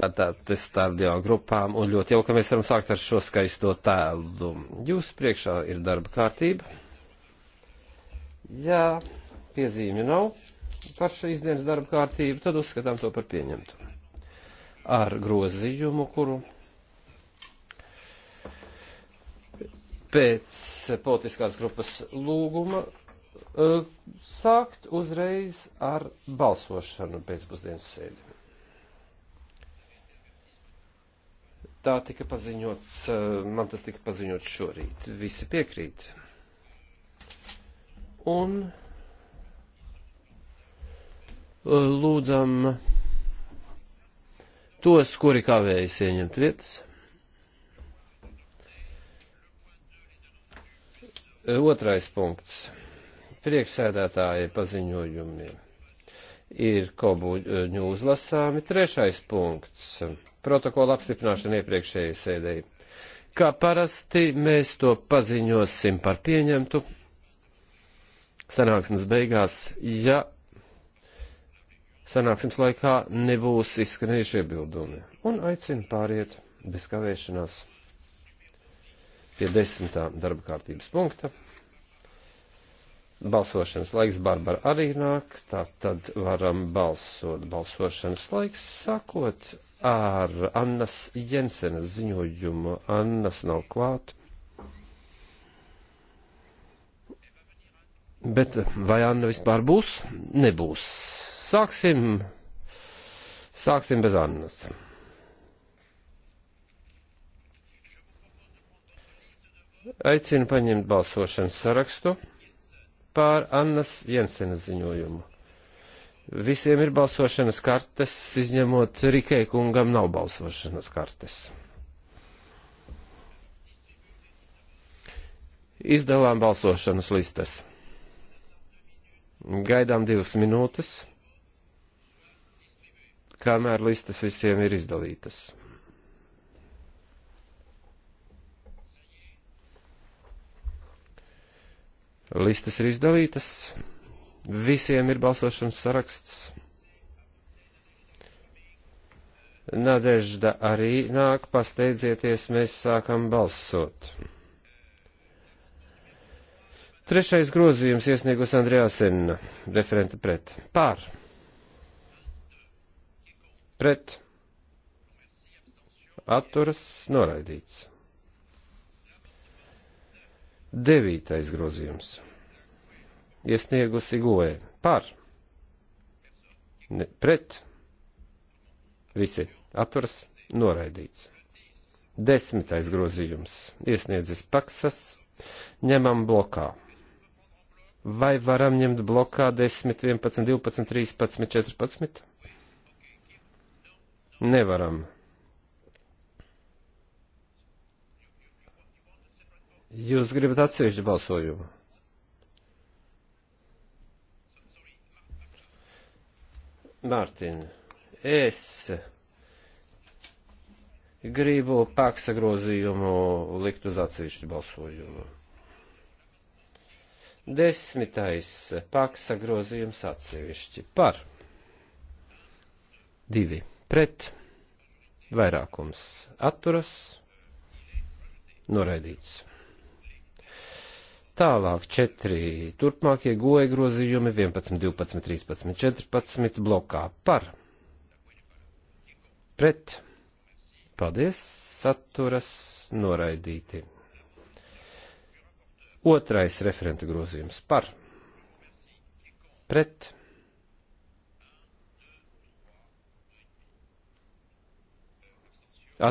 tātad starp divām grupām, un ļoti jau, ka mēs varam sākt ar šo skaisto tēlu. Jūsu priekšā ir darba kārtība. Jā, piezīmi nav par šīs dienas darba kārtību, tad uzskatām to par pieņemtu. Ar grozījumu, kuru pēc politiskās grupas lūguma eh, sākt uzreiz ar balsošanu pēcpusdienas sēdi. Tā tika paziņots, eh, man tas tika paziņots šorīt. Visi piekrīt. Un eh, lūdzam tos, kuri kavējas ieņemt vietas. Eh, otrais punkts. Priekšsēdētāja paziņojumi ir kobuņu uzlasāmi. Trešais punkts protokola apstiprināšanu iepriekšējai sēdēji. Kā parasti mēs to paziņosim par pieņemtu sanāksmes beigās, ja sanāksmes laikā nebūs izskanējuši iebildumi. Un aicinu pāriet bez kavēšanās pie desmitā darba kārtības punkta. Balsošanas laiks Barbara arī nāk, tā tad varam balsot. Balsošanas laiks sakot ar Annas Jensenas ziņojumu. Annas nav klāt. Bet vai Anna vispār būs? Nebūs. Sāksim, sāksim bez Annas. Aicinu paņemt balsošanas sarakstu pār Annas Jensenas ziņojumu. Visiem ir balsošanas kartes, izņemot Rikē kungam nav balsošanas kartes. Izdalām balsošanas listas. Gaidām divas minūtes, kamēr listas visiem ir izdalītas. Listas ir izdalītas. Visiem ir balsošanas saraksts. Nadežda arī nāk, pasteidzieties, mēs sākam balsot. Trešais grozījums iesniegus Andrejā Senna, referenta pret. Pār. Pret. Atturas noraidīts. Devītais grozījums iesniegusi goē. Par. Ne, pret. Visi. Atturas. Noraidīts. Desmitais grozījums. Iesniedzis paksas. Ņemam blokā. Vai varam ņemt blokā 10, 11, 12, 13, 14? Nevaram. Jūs gribat atsevišķu balsojumu? Mārtiņ, es gribu paksa grozījumu likt uz atsevišķu balsojumu. Desmitais paksa grozījums atsevišķi par divi pret vairākums atturas noraidīts. Tālāk četri turpmākie goja grozījumi 11, 12, 13, 14 blokā par. Pret. Paldies. Saturas noraidīti. Otrais referenta grozījums par. Pret.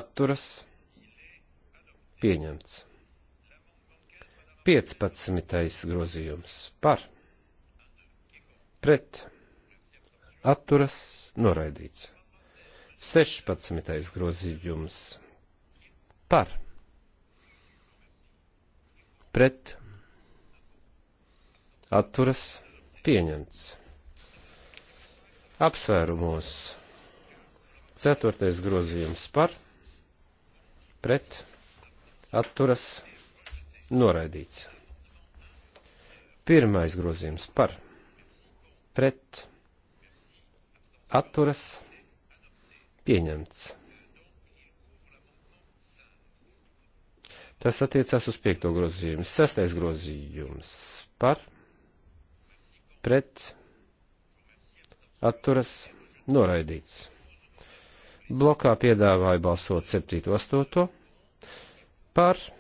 Atturas. Pieņemts. 15. grozījums par pret atturas noraidīts. 16. grozījums par pret atturas pieņemts. Apsvērumos 4. grozījums par pret atturas pieņemts Noraidīts. Pirmais grozījums par pret atturas pieņemts. Tas attiecās uz piekto grozījumu. Sestais grozījums par pret atturas noraidīts. Blokā piedāvāja balsot 7.8. par pret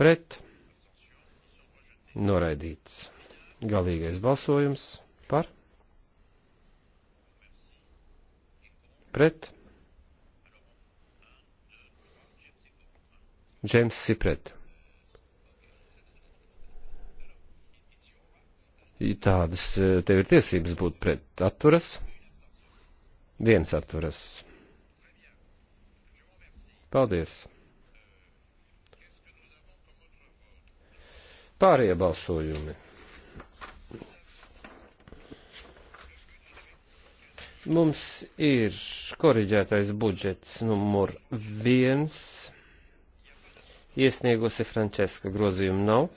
pret, noraidīts. Galīgais balsojums par, pret, Džeims Sipret. Tādas eh, tev ir tiesības būt pret atturas. Viens atturas. Paldies! Pārējie balsojumi. Mums ir koriģētais budžets numur viens. Iesniegusi Frančeska grozījumu nav.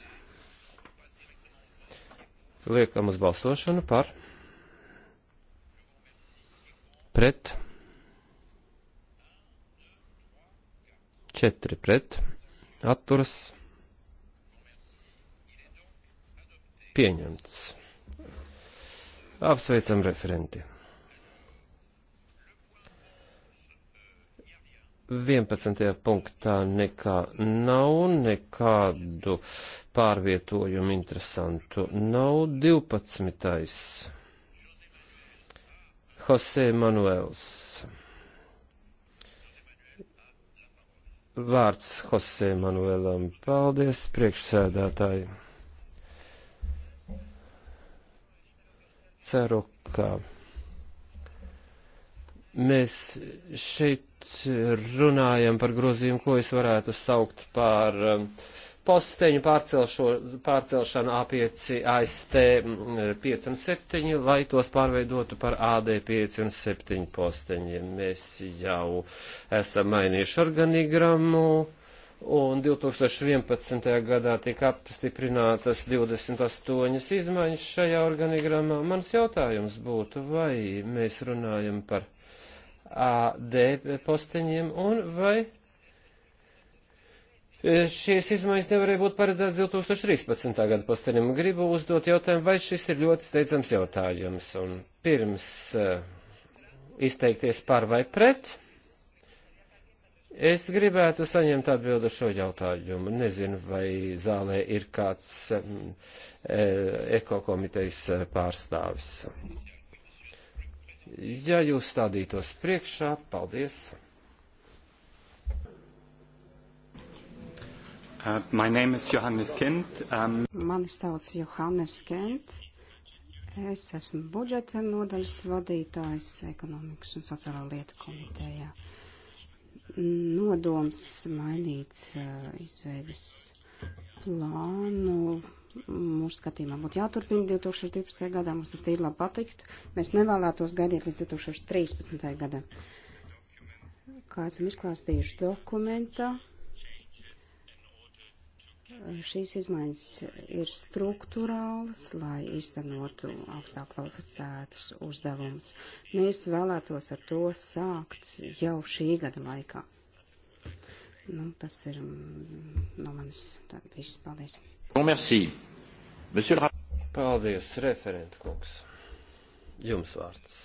Liekam uz balsošanu par pret 4 pret atturas Pieņemts. Apsveicam referenti. 11. punktā nekā nav, nekādu pārvietojumu interesantu nav. 12. Jose Manuels. Vārds Jose Manuelam. Paldies, priekšsēdētāji. ceru, ka mēs šeit runājam par grozījumu, ko es varētu saukt par um, posteņu pārcelšanu A5, AST 5 un 7, lai tos pārveidotu par AD 5 un 7 posteņiem. Mēs jau esam mainījuši organigrammu un 2011. gadā tika apstiprinātas 28 izmaiņas šajā organigramā. Mans jautājums būtu, vai mēs runājam par AD posteņiem un vai šīs izmaiņas nevarēja būt paredzētas 2013. gada posteņiem. Gribu uzdot jautājumu, vai šis ir ļoti steidzams jautājums. Un pirms eh, izteikties par vai pret, Es gribētu saņemt atbildu šo jautājumu. Nezinu, vai zālē ir kāds mm, e, ekokomitejas e, pārstāvis. Ja jūs stādītos priekšā, paldies. Uh, my name is Johannes Kent. Um... Mani sauc Johannes Kent. Es esmu budžeta nodaļas vadītājs ekonomikas un sociālā lieta komitejā nodoms mainīt uh, izveidas plānu. Mūsu skatījumā būtu jāturpina 2012. gadā, mums tas tīri labi patiktu. Mēs nevēlētos gaidīt līdz 2013. gadam. Kā esam izklāstījuši dokumentā, šīs izmaiņas ir struktūrālas, lai īstenotu augstāk kvalificētus uzdevumus. Mēs vēlētos ar to sākt jau šī gada laikā. Nu, tas ir mm, no manis Tad viss. Paldies. Bon, merci. Monsieur le... Paldies, referent kungs. Jums vārds.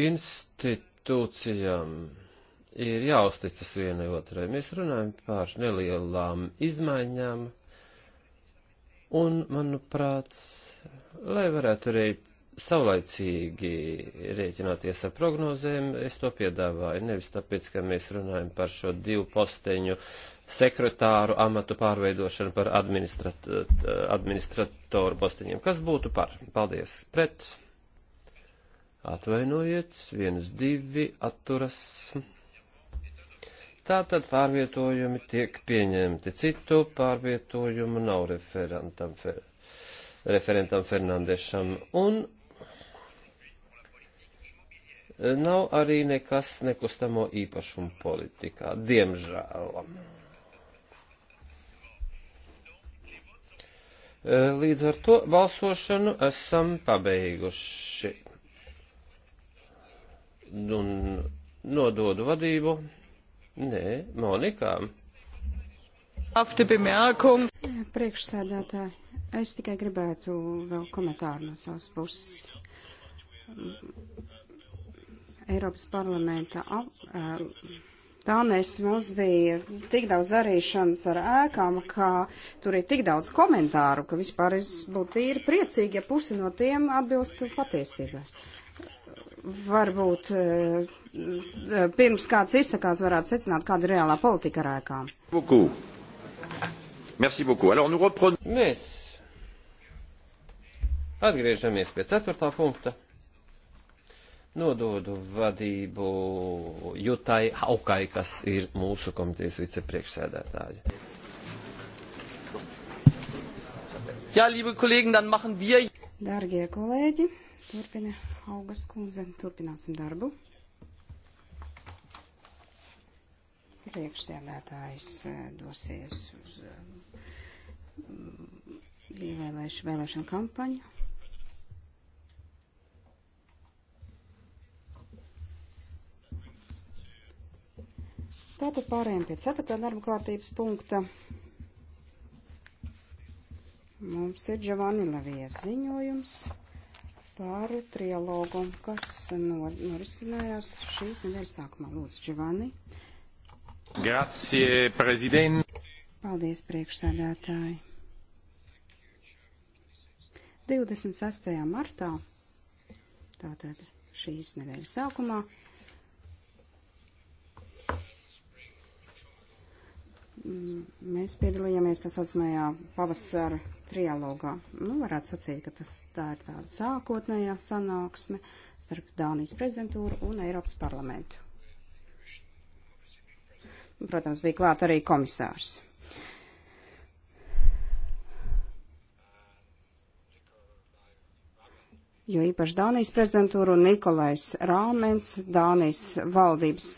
Institūts institūcijām ir jāuzticas vienai otrai. Mēs runājam par nelielām izmaiņām, un, manuprāt, lai varētu arī saulaicīgi rēķināties ar prognozēm, es to piedāvāju. Nevis tāpēc, ka mēs runājam par šo divu posteņu sekretāru amatu pārveidošanu par administrat administratoru posteņiem. Kas būtu par? Paldies. Pret. Atvainojiet, viens, divi, atturas. Tātad pārvietojumi tiek pieņemti. Citu pārvietojumu nav referentam, fer, referentam Fernandešam. Un nav arī nekas nekustamo īpašumu politikā. Diemžēl. Līdz ar to balsošanu esam pabeiguši un nododu vadību. Nē, Monikā. Priekšsēdētāji, es tikai gribētu vēl komentāru no savas puses. Eiropas parlamenta tā mēs mums bija tik daudz darīšanas ar ēkām, ka tur ir tik daudz komentāru, ka vispār es būtu tīri priecīgi, ja pusi no tiem atbilstu patiesībai varbūt eh, pirms kāds izsakās, varētu secināt, kāda ir reālā politika ar ēkām. Merci beaucoup. Alors nous reprenons. Mēs atgriežamies pie ceturtā punkta. Nododu vadību Jutai Haukai, kas ir mūsu komitejas vicepriekšsēdētāja. Jā, ja, liebe kolēģi, dann machen wir. Dargie kolēģi, turpiniet. Haugas kundze. Turpināsim darbu. Priekšsēdētājs eh, dosies uz eh, ievēlēšu vēlēšanu kampaņu. Tātad pārējām pie 4. darba kārtības punkta. Mums ir Giovanni Lavijas ziņojums par trialogu, kas nor norisinājās šīs nedēļas sākumā. Lūdzu, Giovanni. Grazie, prezident. Paldies, priekšsēdētāji. 26. martā, tātad šīs nedēļas sākumā, mēs piedalījāmies tā saucamajā pavasara trialogā. Nu, varētu sacīt, ka tas tā ir tāda sākotnējā sanāksme starp Dānijas prezidentūru un Eiropas parlamentu. Protams, bija klāt arī komisārs. jo īpaši Dānijas prezidentūra un Nikolais Rāmens, Dānijas valdības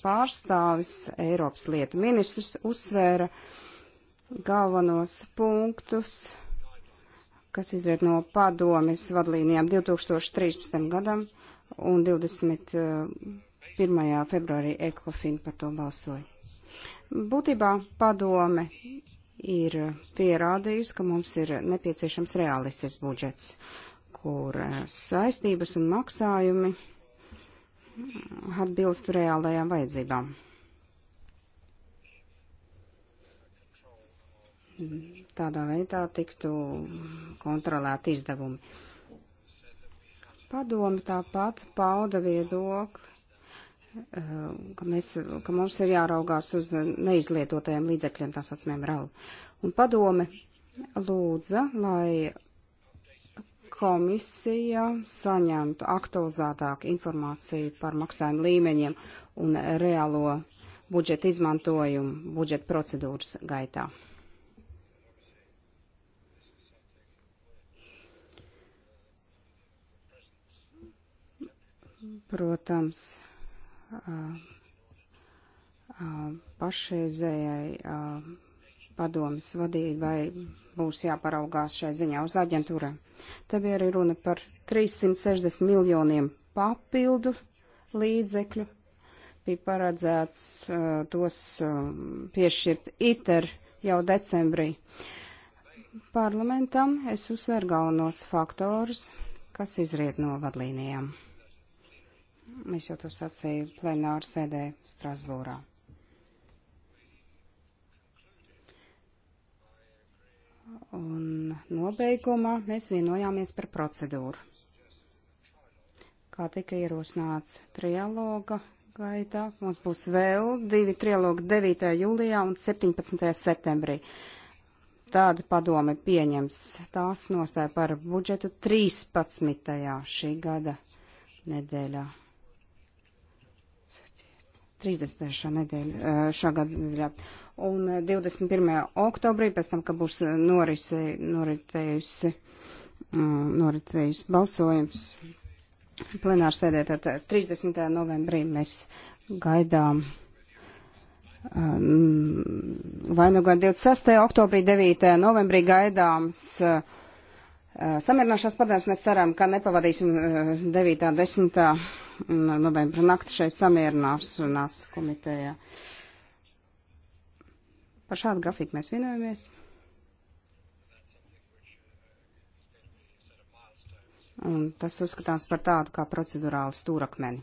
pārstāvis, Eiropas lietu ministrs, uzsvēra uh, galvenos punktus, kas izriet no padomes vadlīnijām 2013. gadam un 21. Eh, februārī Ekofin par to balsoja. Būtībā padome ir pierādījusi, ka mums ir nepieciešams realistisks budžets, kur eh, saistības un maksājumi atbilstu reālajām vajadzībām. tādā veidā tiktu kontrolēti izdevumi. Padomi tāpat pauda viedokli, eh, ka, mēs, ka mums ir jāraugās uz neizlietotajiem līdzekļiem, tā saucamiem RAL. Un padome lūdza, lai komisija saņemtu aktualizētāku informāciju par maksājumu līmeņiem un reālo budžeta izmantojumu budžeta procedūras gaitā. Protams, pašreizējai padomas vadībai būs jāparaugās šai ziņā uz aģentūrām. Te bija arī runa par 360 miljoniem papildu līdzekļu. Bija paredzēts uh, tos uh, piešķirt ITER jau decembrī. Parlamentam es uzsveru galvenos faktorus, kas izriet no vadlīnijām. Es jau to sacīju plenāru sēdē Strasbūrā. Un nobeigumā mēs vienojāmies par procedūru. Kā tika ierosināts trialoga gaitā, mums būs vēl divi trialogi 9. jūlijā un 17. septembrī. Tāda padome pieņems tās nostāja par budžetu 13. šī gada nedēļā. 33. nedēļa šā gada. Un 21. oktobrī, pēc tam, ka būs norise, noritējusi, mm, noritējusi balsojums plenārsēdē, tad 30. novembrī mēs gaidām vai nu gan 26. oktobrī, 9. novembrī gaidāms uh, Samierināšanās padomus mēs ceram, ka nepavadīsim 9. un 10. novembra nakti šeit samierināšanās komitejā. Par šādu grafiku mēs vienojamies. Un tas uzskatāms par tādu kā procedurālu stūrakmeni.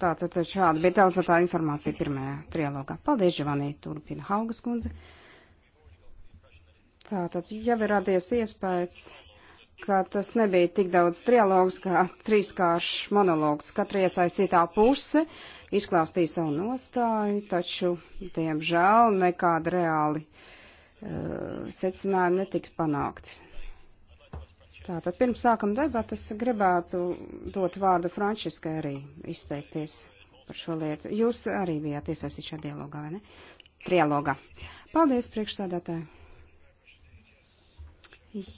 Tātad šāda bija telzatā informācija pirmajā trialogā. Paldies, Živanī, turpina Haugas kundze. Tātad jau ir radies iespējas, ka tas nebija tik daudz trialogs, kā trīskāršs monologs. Katra iesaistītā puse izklāstīja savu nostāju, taču, diemžēl, nekāda reāli uh, secinājumi netiks panākti. Tātad pirms sākam debatas gribētu dot vārdu Frančiskai arī izteikties par šo lietu. Jūs arī bijāt iesaistīti šajā dialogā, vai ne? Trialogā. Paldies, priekšsādātāji.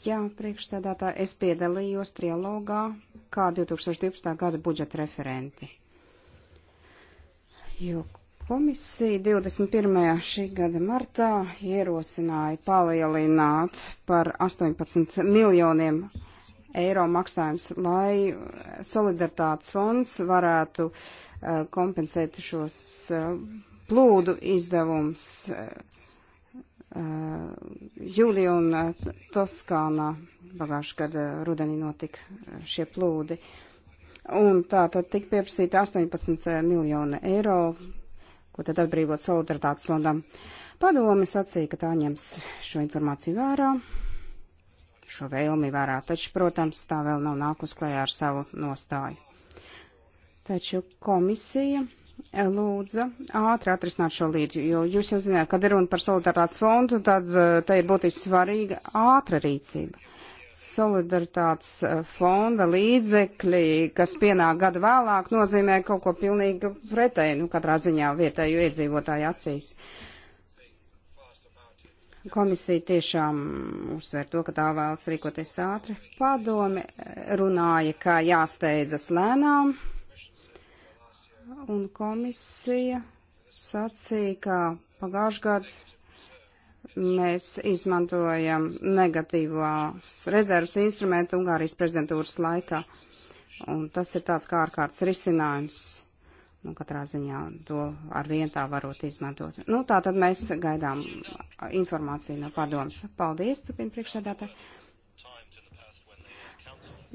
Jā, priekšsēdētā, es piedalījos trialogā kā 2012. gada budžeta referenti. Jo komisija 21. šī gada martā ierosināja palielināt par 18 miljoniem eiro maksājums, lai solidaritātes fonds varētu uh, kompensēt šos uh, plūdu izdevums. Uh, Uh, Jūlija un uh, Toskānā pagājušajā gada rudenī notika uh, šie plūdi. Un tā tad tika pieprasīta 18 miljoni eiro, ko tad atbrīvot solidaritātes fondam. Padome sacīja, ka tā ņems šo informāciju vērā, šo vēlmi vērā, taču, protams, tā vēl nav nākus klējā ar savu nostāju. Taču komisija lūdza ātri atrisināt šo līdzi, jo jūs jau zināt, kad ir runa par solidaritātes fondu, tad eh, tai ir būtiski svarīga ātra rīcība. Solidaritātes eh, fonda līdzekļi, kas pienāk gadu vēlāk, nozīmē kaut ko pilnīgi pretēju, nu katrā ziņā vietēju iedzīvotāju acīs. Komisija tiešām uzsver to, ka tā vēlas rīkoties ātri. Padome eh, runāja, ka jāsteidzas lēnām un komisija sacīja, ka pagājušajā gadā mēs izmantojam negatīvās rezervas instrumentu Ungārijas prezidentūras laikā. Un tas ir tāds kā ārkārtas risinājums. Nu, katrā ziņā to ar vien tā varot izmantot. Nu, tā tad mēs gaidām informāciju no padomas. Paldies, turpina priekšsēdētāji.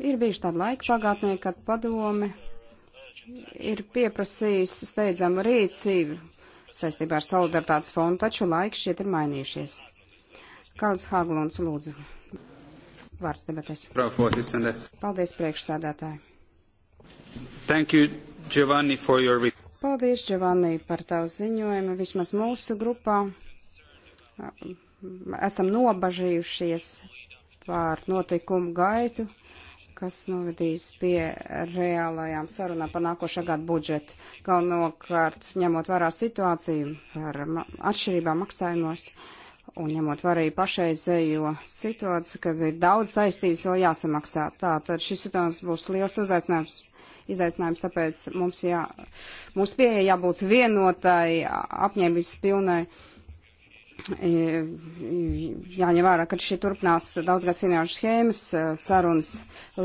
Ir bijuši tādi laiki pagātnē, kad padome ir pieprasījusi steidzamu rīcību saistībā ar solidaritātes fondu, taču laiki šeit ir mainījušies. Kāds Hāglunds lūdzu. Vārds debatēs. Paldies priekšsādātāji. Thank you, Giovanni, for your... Paldies, Giovanni, par tavu ziņojumu. Vismaz mūsu grupā esam nobažījušies pār notikumu gaitu kas novedīs pie reālajām sarunām par nākošā gada budžetu, galvenokārt ņemot vērā situāciju ar atšķirībām maksājumos un ņemot vērā arī pašreizējo situāciju, kad ir daudz saistības vēl jāsamaksā. Tātad šis situācijas būs liels uzaicinājums. Izaicinājums, tāpēc mums jā, mūsu pieeja jābūt vienotai, apņēmības pilnai. Uh, E, jāņem vērā, ka šī turpinās daudzgad finanšu schēmas e, sarunas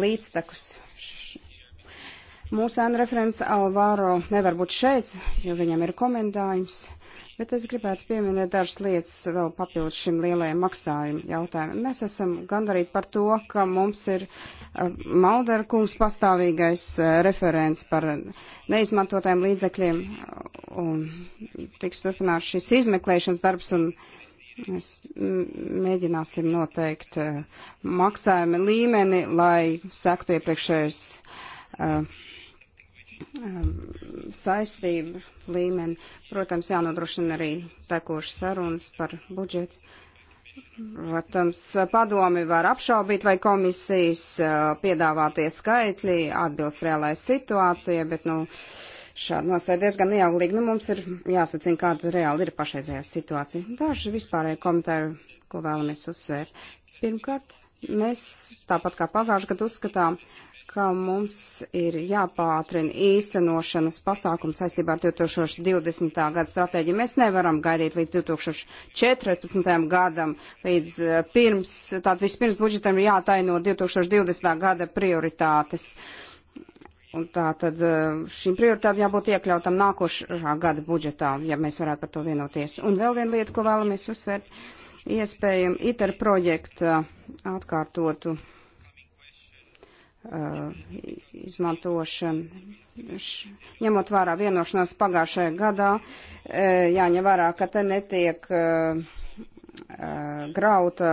līdztekus. Mūsu ēna referents Alvaro nevar būt šeit, jo viņam ir komendājums. Bet es gribētu pieminēt dažas lietas vēl papildus šim lielajam maksājumu jautājumam. Mēs esam gandarīti par to, ka mums ir uh, Maldera kungs pastāvīgais uh, referents par neizmantotajiem līdzekļiem uh, un tiks turpināts šis izmeklēšanas darbs un mēs mēģināsim noteikt maksājuma līmeni, lai sektu iepriekšējais. Uh, Um, saistību līmeni. Protams, jānodrošina arī tekošas sarunas par budžetu. Protams, padomi var apšaubīt, vai komisijas uh, piedāvātie skaitļi atbilst reālai situācijai, bet, nu, šādi nostāja diezgan neauglīgi. Nu, mums ir jāsacina, kāda reāli ir pašreizējā situācija. Daži vispārēji komentāri, ko vēlamies uzsvērt. Pirmkārt, mēs tāpat kā pagājušajā gadā uzskatām, uh, ka mums ir jāpātrina īstenošanas pasākums saistībā ar 2020. gada stratēģiju. Mēs nevaram gaidīt līdz 2014. gadam, līdz eh, pirms, tātad vispirms budžetam ir jātaino 2020. gada prioritātes. Un tātad eh, šīm prioritātēm jābūt iekļautam nākošā gada budžetā, ja mēs varētu par to vienoties. Un vēl viena lieta, ko vēlamies uzsvērt, iespējami ITER projekta atkārtotu Uh, izmantošana. Š, ņemot vērā vienošanās pagājušajā gadā, uh, jāņem vērā, ka te netiek uh, grauta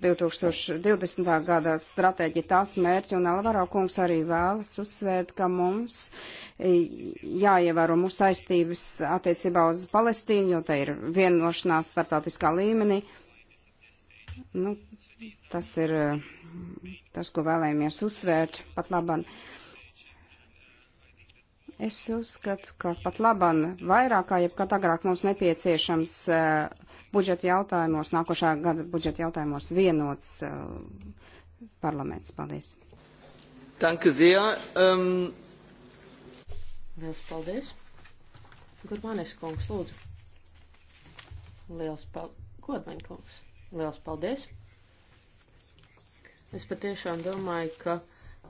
2020. gada stratēģija tās mērķi, un Alvaro kungs arī vēlas uzsvērt, ka mums jāievēro mūsu saistības attiecībā uz Palestīnu, jo te ir vienošanās starptautiskā līmenī. Nu, tas ir tas, ko vēlējamies uzsvērt pat laban. Es uzskatu, ka pat laban vairāk kā jebkad agrāk mums nepieciešams uh, budžeta jautājumos, nākošā gada budžeta jautājumos vienots uh, parlaments. Paldies. Danke sehr. Um... Liels paldies. Gurmanis kungs, lūdzu. Liels paldies. Godmaņa kungs. Liels paldies. Es patiešām domāju, ka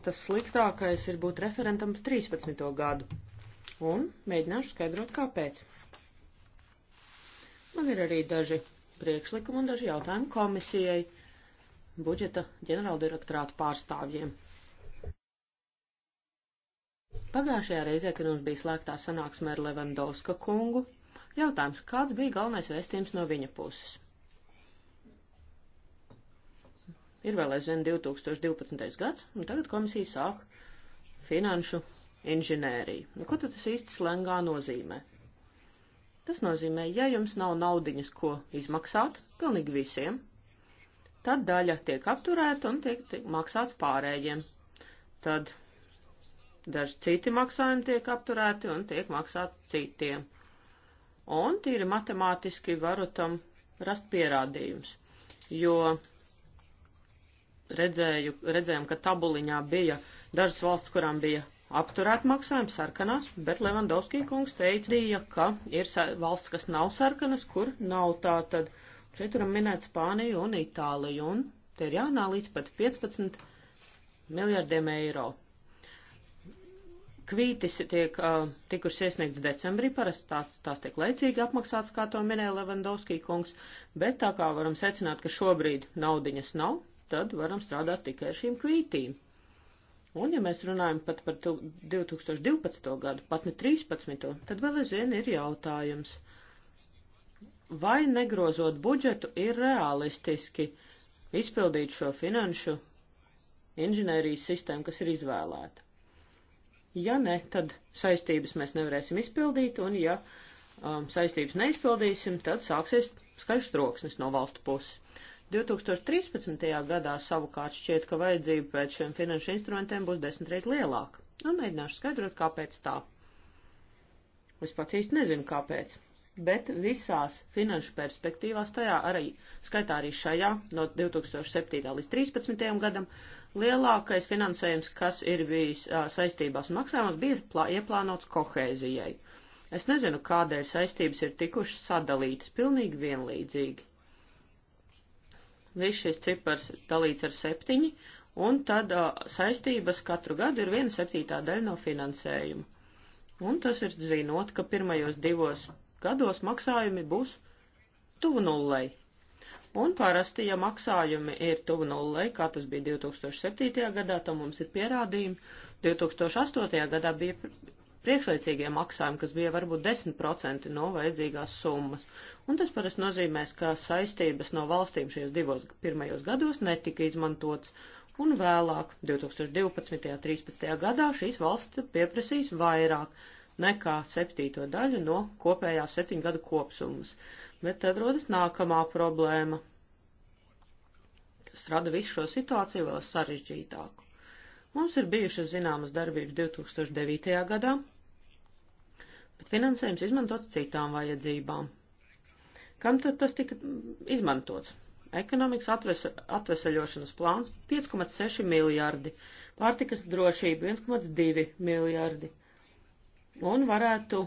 tas sliktākais ir būt referentam 13. gadu. Un mēģināšu skaidrot, kāpēc. Man ir arī daži priekšlikumi un daži jautājumi komisijai, budžeta ģenerāldirektorāta pārstāvjiem. Pagājušajā reizē, kad mums bija slēgtā sanāksme ar Levandovska kungu, jautājums, kāds bija galvenais vēstījums no viņa puses? Ir vēl aizvien 2012. gads, un tagad komisija sāk finanšu inženēriju. Nu, ko tad tas īsti slengā nozīmē? Tas nozīmē, ja jums nav naudiņas, ko izmaksāt, pilnīgi visiem, tad daļa tiek apturēta un tiek, tiek maksāts pārējiem. Tad daži citi maksājumi tiek apturēti un tiek maksāti citiem. Un tīri matemātiski varu tam rast pierādījums, jo redzēju, redzējām, ka tabuliņā bija dažas valsts, kurām bija apturēt maksājumu sarkanās, bet Levandovskī kungs teica, ka ir valsts, kas nav sarkanas, kur nav tā tad. Šeit varam minēt Spāniju un Itāliju, un te ir jāanalīdz pat 15 miljardiem eiro. Kvītis tiek uh, tikuši iesniegts decembrī, parasti tās, tās tiek laicīgi apmaksāts, kā to minēja Levandovskī kungs, bet tā kā varam secināt, ka šobrīd naudiņas nav, tad varam strādāt tikai ar šīm kvītīm. Un, ja mēs runājam pat par 2012. gadu, pat ne 13. tad vēl aizvien ir jautājums, vai negrozot budžetu ir realistiski izpildīt šo finanšu inženērijas sistēmu, kas ir izvēlēta. Ja ne, tad saistības mēs nevarēsim izpildīt, un ja um, saistības neizpildīsim, tad sāksies skaļš troksnis no valstu puses. 2013. gadā savukārt šķiet, ka vajadzība pēc šiem finanšu instrumentiem būs desmitreiz lielāka. Un nu, mēģināšu skaidrot, kāpēc tā. Es pats īsti nezinu, kāpēc. Bet visās finanšu perspektīvās, tajā arī skaitā arī šajā, no 2007. līdz 2013. gadam, lielākais finansējums, kas ir bijis a, saistībās un maksājumos, bija plā, ieplānots kohēzijai. Es nezinu, kādēļ saistības ir tikušas sadalītas pilnīgi vienlīdzīgi. Viss šis cipars dalīts ar septiņi, un tad uh, saistības katru gadu ir viena septītā daļa no finansējuma. Un tas ir zinot, ka pirmajos divos gados maksājumi būs tuvu nullei. Un parasti, ja maksājumi ir tuvu nullei, kā tas bija 2007. gadā, tad mums ir pierādījumi. 2008. gadā bija priekšlaicīgie maksājumi, kas bija varbūt 10% no vajadzīgās summas. Un tas parasti nozīmēs, ka saistības no valstīm šajos divos pirmajos gados netika izmantots, un vēlāk, 2012. un 2013. gadā, šīs valsts pieprasīs vairāk nekā septīto daļu no kopējās septiņu gadu kopsummas. Bet tad rodas nākamā problēma, kas rada visu šo situāciju vēl sarežģītāku. Mums ir bijušas zināmas darbības 2009. gadā, bet finansējums izmantots citām vajadzībām. Kam tad tas tika izmantots? Ekonomikas atvesa, atvesaļošanas plāns 5,6 miljardi, pārtikas drošība 1,2 miljardi. Un varētu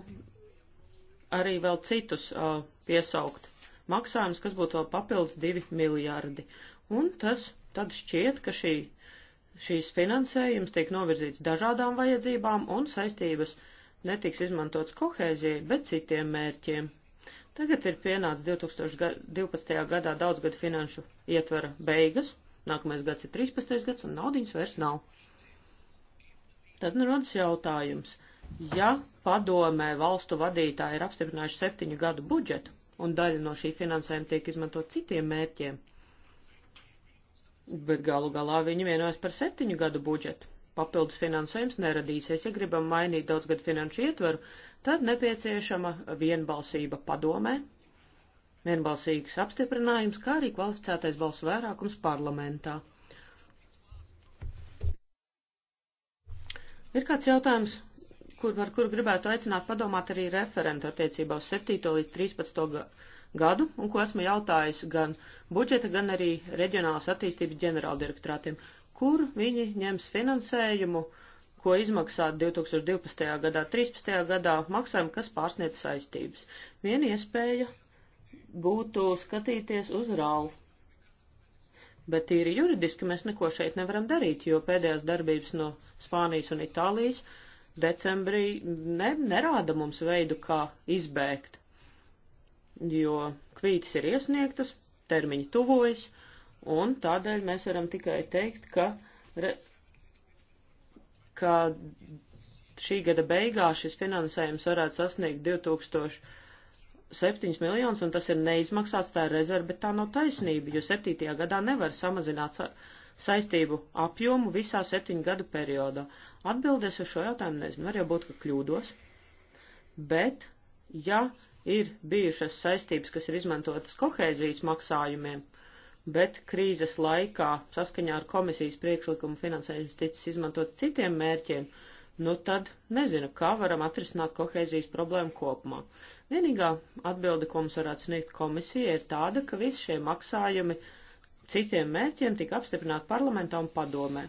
arī vēl citus uh, piesaukt maksājums, kas būtu vēl papildus 2 miljardi. Un tas tad šķiet, ka šī, šīs finansējums tiek novirzīts dažādām vajadzībām un saistības uh, netiks izmantots kohēzijai, bet citiem mērķiem. Tagad ir pienācis 2012. gadā daudzgada finanšu ietvara beigas, nākamais gads ir 13. gads un naudiņas vairs nav. Tad nu rodas jautājums, ja padomē valstu vadītāji ir apstiprinājuši septiņu gadu budžetu un daļa no šī finansējuma tiek izmantot citiem mērķiem, bet galu galā viņi vienojas par septiņu gadu budžetu, papildus finansējums neradīsies. Ja gribam mainīt daudzgad finanšu ietvaru, tad nepieciešama vienbalsība padomē, vienbalsīgs apstiprinājums, kā arī kvalificētais balsu vairākums parlamentā. Ir kāds jautājums, kur, par kuru gribētu aicināt padomāt arī referentu attiecībā uz 7. līdz 13. gadu, un ko esmu jautājis gan budžeta, gan arī reģionālas attīstības ģenerāldirektorātiem. direktorātiem kur viņi ņems finansējumu, ko izmaksā 2012. gadā, 13. gadā maksājumi, kas pārsniedz saistības. Viena iespēja būtu skatīties uz rālu. Bet tīri juridiski mēs neko šeit nevaram darīt, jo pēdējās darbības no Spānijas un Itālijas decembrī ne, nerāda mums veidu, kā izbēgt. Jo kvītis ir iesniegtas, termiņi tuvojas, Un tādēļ mēs varam tikai teikt, ka, re, ka šī gada beigās šis finansējums varētu sasniegt 2000. 7 miljonus, un tas ir neizmaksāts, tā ir rezerve, bet tā nav taisnība, jo 7. gadā nevar samazināt sa saistību apjomu visā 7 gadu periodā. Atbildēs uz šo jautājumu nezinu, var jau būt, ka kļūdos, bet, ja ir bijušas saistības, kas ir izmantotas kohēzijas maksājumiem, bet krīzes laikā saskaņā ar komisijas priekšlikumu finansējums ticis izmantots citiem mērķiem, nu tad nezinu, kā varam atrisināt kohēzijas problēmu kopumā. Vienīgā atbilde, ko mums varētu sniegt komisija, ir tāda, ka visi šie maksājumi citiem mērķiem tika apstiprināti parlamentā un padomē.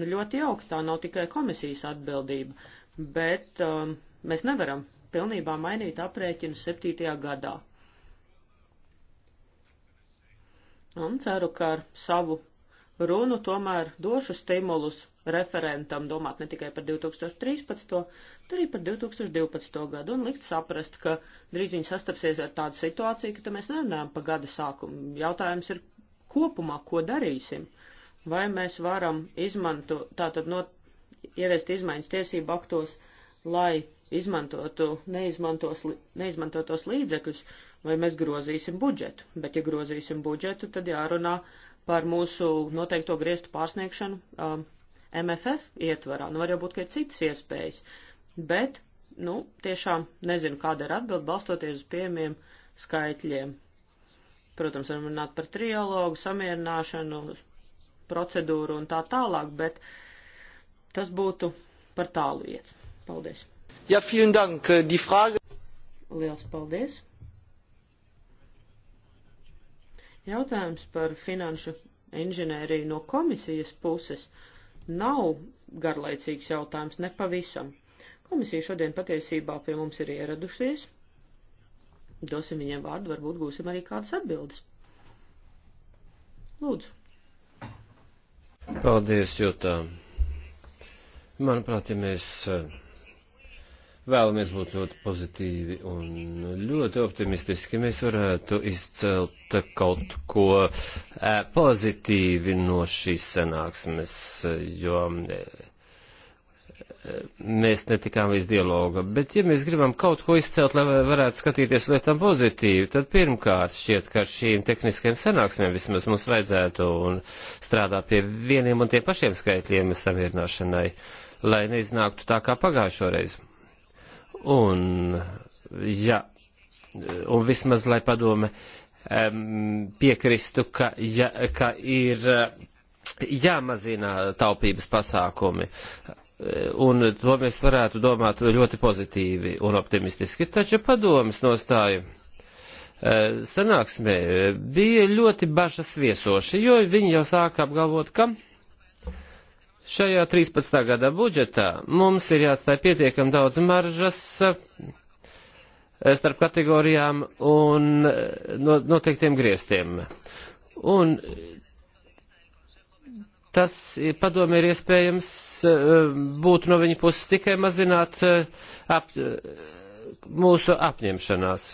Nu, ļoti jauki, tā nav tikai komisijas atbildība, bet um, mēs nevaram pilnībā mainīt aprēķinu 7. gadā. Un ceru, ka ar savu runu tomēr došu stimulus referentam domāt ne tikai par 2013, bet arī par 2012. gadu un likt saprast, ka drīz viņi sastapsies ar tādu situāciju, ka mēs nerunājam pa gada sākumu. Jautājums ir kopumā, ko darīsim. Vai mēs varam izmantot, tātad no, ieviest izmaiņas tiesību aktos, lai izmantotu neizmantos, neizmantotos līdzekļus, vai mēs grozīsim budžetu. Bet, ja grozīsim budžetu, tad jārunā par mūsu noteikto griestu pārsniegšanu um, MFF ietvarā. Nu, var jau būt, ka ir citas iespējas, bet, nu, tiešām nezinu, kāda ir atbild, balstoties uz piemiem skaitļiem. Protams, varam runāt par trialogu, samierināšanu, procedūru un tā tālāk, bet tas būtu par tālu iets. Paldies. Ja, vielen dank. Die Frage. Liels paldies. Jautājums par finanšu inženēriju no komisijas puses nav garlaicīgs jautājums nepavisam. Komisija šodien patiesībā pie mums ir ieradušies. Dosim viņiem vārdu, varbūt gūsim arī kādas atbildes. Lūdzu. Paldies, Jūtā. Manuprāt, ja mēs. Uh vēlamies būt ļoti pozitīvi un ļoti optimistiski. Mēs varētu izcelt kaut ko pozitīvi no šīs sanāksmes, jo mēs netikām līdz dialoga, bet ja mēs gribam kaut ko izcelt, lai varētu skatīties lietām pozitīvi, tad pirmkārt šķiet, ka šīm tehniskajām sanāksmēm vismaz mums vajadzētu un strādāt pie vieniem un tiem pašiem skaitļiem samierināšanai, lai neiznāktu tā kā pagājušo reizi Un, ja, un vismaz, lai padome um, piekristu, ka, ja, ka ir eh, jāmazina taupības pasākumi. Eh, un to mēs varētu domāt ļoti pozitīvi un optimistiski. Taču padomas nostāja eh, sanāksmē bija ļoti bažas viesoši, jo viņi jau sāka apgalvot, ka Šajā 13. gadā budžetā mums ir jāatstāj pietiekam daudz maržas eh, starp kategorijām un eh, noteiktiem griestiem. Un tas eh, padomē ir iespējams būt no viņa puses tikai mazināt ap, mūsu apņemšanās.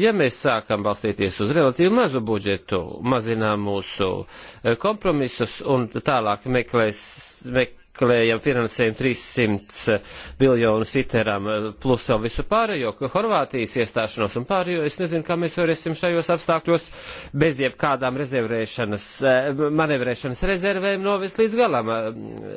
Ja mēs sākam balstīties uz relatīvi mazu budžetu, mazinām mūsu eh, kompromisus un tālāk meklēs, mek, meklējam finansējumu 300 miljonus iteram plus vēl visu pārējo, ka Horvātijas iestāšanos un pārējo, es nezinu, kā mēs varēsim šajos apstākļos bez jebkādām rezervēšanas, eh, manevrēšanas rezervēm novest līdz galam eh,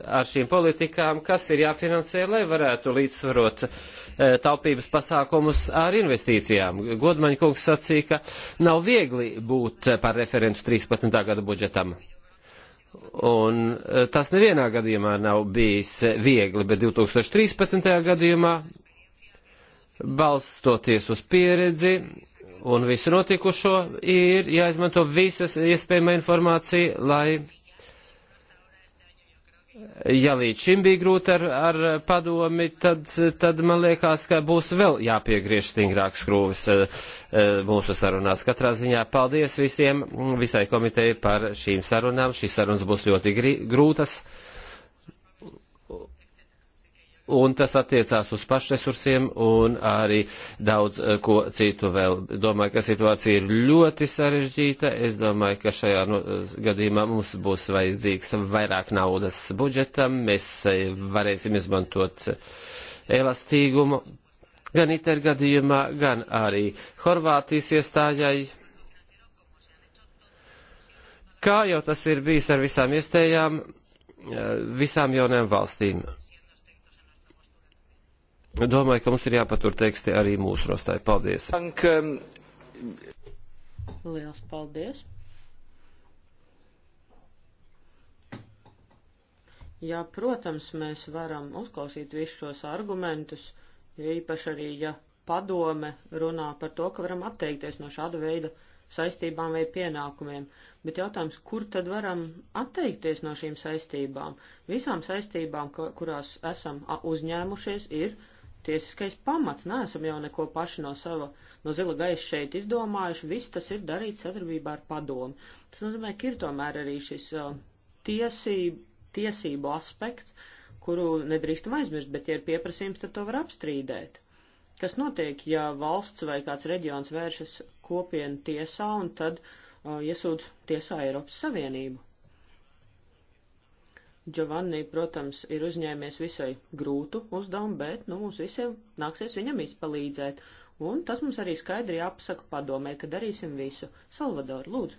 ar šīm politikām, kas ir jāfinansē, lai varētu līdzsvarot eh, taupības pasākumus ar investīcijām. Godmaņa kungs sacīja, ka nav viegli būt par referentu 13. gada budžetam. Un e, tas nevienā gadījumā nav bijis viegli, bet 2013. gadījumā, balstoties uz pieredzi un visu notikušo, ir jāizmanto visas iespējama informācija, lai ja līdz šim bija grūti ar, ar padomi, tad, tad man liekas, ka būs vēl jāpiegriež stingrāk skrūvis eh, eh, mūsu sarunās. Katrā ziņā paldies visiem, visai komiteji par šīm sarunām. Šīs sarunas būs ļoti grūtas un tas attiecās uz pašresursiem un arī daudz eh, ko citu vēl. Domāju, ka situācija ir ļoti sarežģīta. Es domāju, ka šajā no, nu, eh, gadījumā mums būs vajadzīgs vairāk naudas budžetam. Mēs eh, varēsim izmantot elastīgumu gan ITER gadījumā, gan arī Horvātijas iestājai. Kā jau tas ir bijis ar visām iestējām, visām jaunajām valstīm. Domāju, ka mums ir jāpatur teksti arī mūsu nostāja. Paldies! Um, Liels paldies! Jā, protams, mēs varam uzklausīt visus šos argumentus, jo īpaši arī, ja padome runā par to, ka varam atteikties no šāda veida saistībām vai pienākumiem. Bet jautājums, kur tad varam atteikties no šīm saistībām? Visām saistībām, kurās esam uzņēmušies, ir tiesiskais pamats. Neesam jau neko paši no sava, no zila gaisa šeit izdomājuši. Viss tas ir darīts sadarbībā ar padomu. Tas nozīmē, ka ir tomēr arī šis uh, tiesību, tiesību aspekts, kuru nedrīkstam aizmirst, bet, ja ir pieprasījums, tad to var apstrīdēt. Kas notiek, ja valsts vai kāds reģions vēršas kopienu tiesā un tad uh, iesūdz tiesā Eiropas Savienību? Giovanni, protams, ir uzņēmies visai grūtu uzdevumu, bet nu, mums visiem nāksies viņam izpalīdzēt. Un tas mums arī skaidri jāpasaka padomē, ka darīsim visu. Salvador, lūdzu.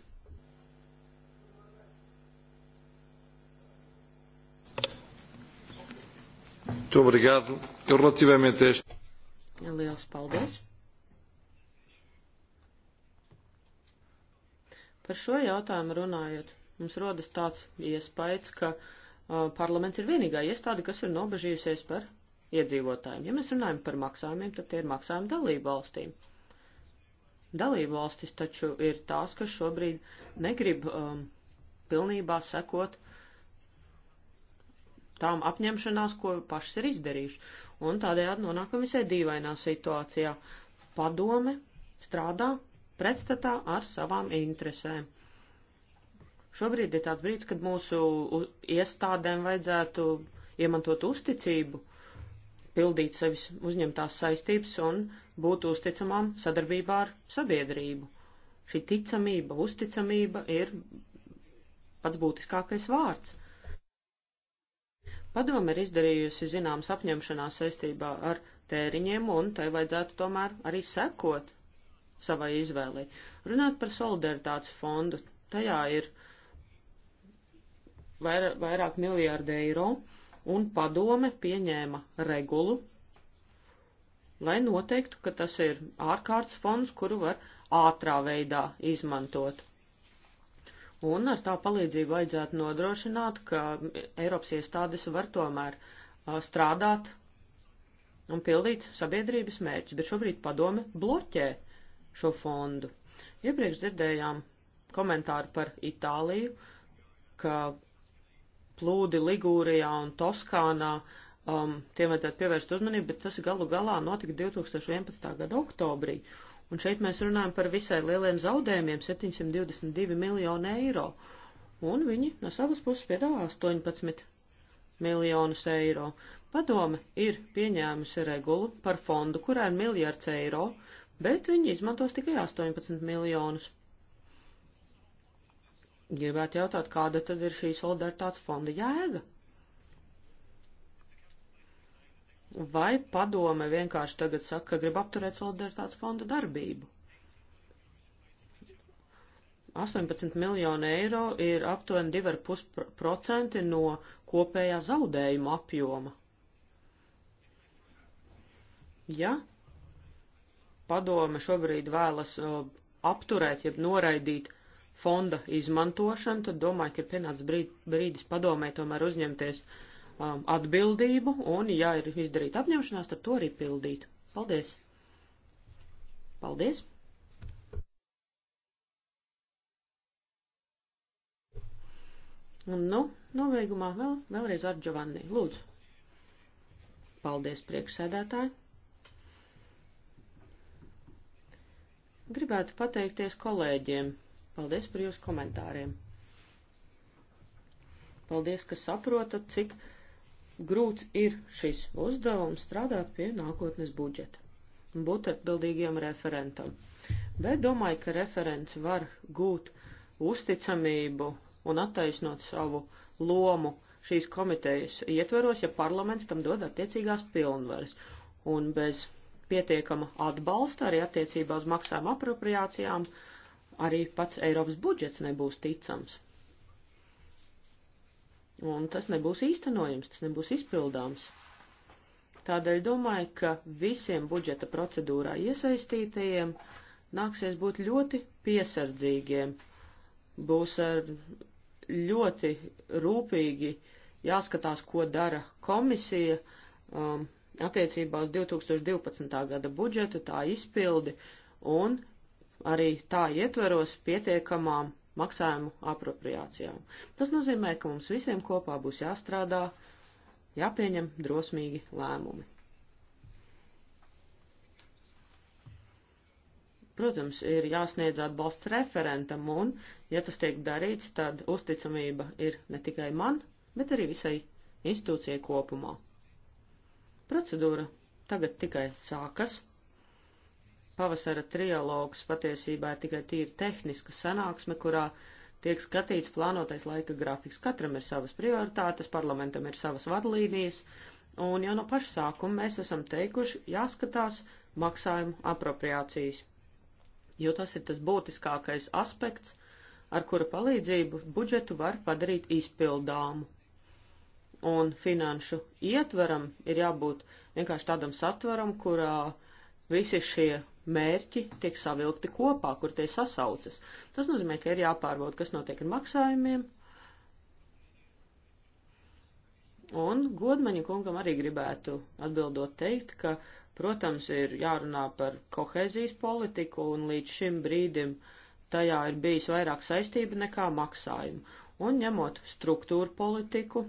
Obrigado. Eu relativamente a este. Liels paldies. Par šo jautājumu runājot, mums rodas tāds iespējas, ka uh, Uh, parlaments ir vienīgā iestāde, kas ir nobežījusies par iedzīvotājiem. Ja mēs runājam par maksājumiem, tad tie ir maksājumi dalību valstīm. Dalību valstis taču ir tās, kas šobrīd negrib um, pilnībā sekot tām apņemšanās, ko pašas ir izdarījuši. Un tādējādi nonākam visai dīvainā situācijā. Padome strādā pretstatā ar savām interesēm. Šobrīd ir tāds brīdis, kad mūsu iestādēm vajadzētu iemantot uzticību, pildīt sevis uzņemtās saistības un būt uzticamām sadarbībā ar sabiedrību. Šī ticamība, uzticamība ir pats būtiskākais vārds. Padome ir izdarījusi zināmas apņemšanās saistībā ar tēriņiem, un tai vajadzētu tomēr arī sekot savai izvēlei. Runāt par solidaritātes fondu, tajā ir uh, vairāk, vairāk miljārdu eiro, un padome pieņēma regulu, lai noteiktu, ka tas ir ārkārtas fonds, kuru var ātrā veidā izmantot. Un ar tā palīdzību vajadzētu nodrošināt, ka Eiropas iestādes var tomēr uh, strādāt un pildīt sabiedrības mērķus, bet šobrīd padome bloķē šo fondu. Iepriekš dzirdējām komentāru par Itāliju, ka plūdi Ligūrijā un Toskānā, um, tiem vajadzētu pievērst uzmanību, bet tas galu galā notika 2011. gada oktobrī. Un šeit mēs runājam par visai lieliem zaudējumiem - 722 miljonu eiro. Un viņi no savas puses piedāvā 18 miljonus eiro. Padome ir pieņēmusi regulu par fondu, kurā ir miljards eiro, bet viņi izmantos tikai 18 miljonus eiro. Gribētu jautāt, kāda tad ir šī solidaritātes fonda jēga? Vai padome vienkārši tagad saka, ka grib apturēt solidaritātes fonda darbību? 18 miljoni eiro ir aptuveni 2,5% no kopējā zaudējuma apjoma. Ja padome šobrīd vēlas uh, apturēt, jeb noraidīt fonda izmantošanu, tad domāju, ka ir pienācis brīd, brīdis padomē tomēr uzņemties um, atbildību un, ja ir izdarīta apņemšanās, tad to arī pildīt. Paldies! Paldies! Un, nu, noveigumā vēl, vēlreiz ar Giovanni. Lūdzu. Paldies, prieksēdētāji. Gribētu pateikties kolēģiem Paldies par jūsu komentāriem. Paldies, ka saprotat, cik grūts ir šis uzdevums strādāt pie nākotnes budžeta un būt atbildīgiem referentam. Bet domāju, ka referents var gūt uzticamību un attaisnot savu lomu šīs komitejas ietveros, ja parlaments tam dod attiecīgās pilnvaras. Un bez pietiekama atbalsta arī attiecībā uz maksājuma apropriācijām uh, arī pats Eiropas budžets nebūs ticams. Un tas nebūs īstenojams, tas nebūs izpildāms. Tādēļ domāju, ka visiem budžeta procedūrā iesaistītajiem nāksies būt ļoti piesardzīgiem. Būs ar ļoti rūpīgi jāskatās, ko dara komisija um, attiecībā uz 2012. gada budžetu, tā izpildi, un arī tā ietveros pietiekamām maksājumu apropriācijām. Tas nozīmē, ka mums visiem kopā būs jāstrādā, jāpieņem drosmīgi lēmumi. Protams, ir jāsniedz atbalsts referentam un, ja tas tiek darīts, tad uzticamība ir ne tikai man, bet arī visai institūcijai kopumā. Procedūra tagad tikai sākas. Pavasara trialogs patiesībā ir tikai tīri tehniska sanāksme, kurā tiek skatīts plānotais laika grafiks. Katram ir savas prioritātes, parlamentam ir savas vadlīnijas, un jau no paša sākuma mēs esam teikuši jāskatās maksājumu apropriācijas, jo tas ir tas būtiskākais aspekts, ar kura palīdzību budžetu var padarīt izpildāmu un finanšu ietveram ir jābūt vienkārši tādam satveram, kurā visi šie mērķi tiek savilkti kopā, kur tie sasaucas. Tas nozīmē, ka ir jāpārbauda, kas notiek ar maksājumiem. Un godmaņa kungam arī gribētu atbildot teikt, ka, protams, ir jārunā par kohēzijas politiku un līdz šim brīdim tajā ir bijis vairāk saistība nekā maksājumu. Un ņemot struktūru politiku,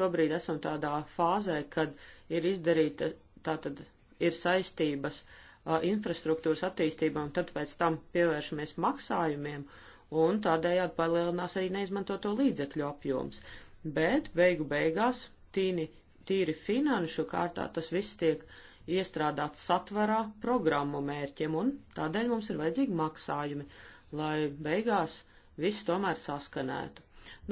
šobrīd esam tādā fāzē, kad ir izdarīta, tātad ir saistības uh, infrastruktūras attīstībā un tad pēc tam pievēršamies maksājumiem un tādējādi palielinās arī neizmantoto līdzekļu apjoms. Bet beigu beigās tīni, tīri finanšu kārtā tas viss tiek iestrādāts satvarā programmu mērķiem un tādēļ mums ir vajadzīgi maksājumi, lai beigās viss tomēr saskanētu.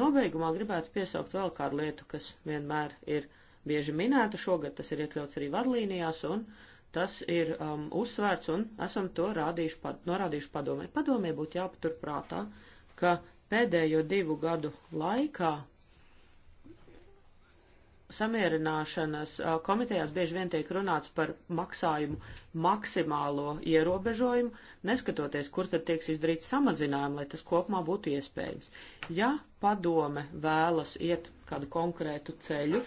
Nobeigumā gribētu piesaukt vēl kādu lietu, kas vienmēr ir bieži minēta šogad, tas ir iekļauts arī vadlīnijās un uh, Tas ir um, uzsvērts un esam to rādījuši, pad, norādījuši padomē. Padomē būtu jāpatur prātā, ka pēdējo divu gadu laikā samierināšanas uh, komitejās bieži vien tiek runāts par maksājumu maksimālo ierobežojumu, neskatoties, kur tad tieks izdarīts samazinājumi, lai tas kopumā būtu iespējams. Ja padome vēlas iet kādu konkrētu ceļu,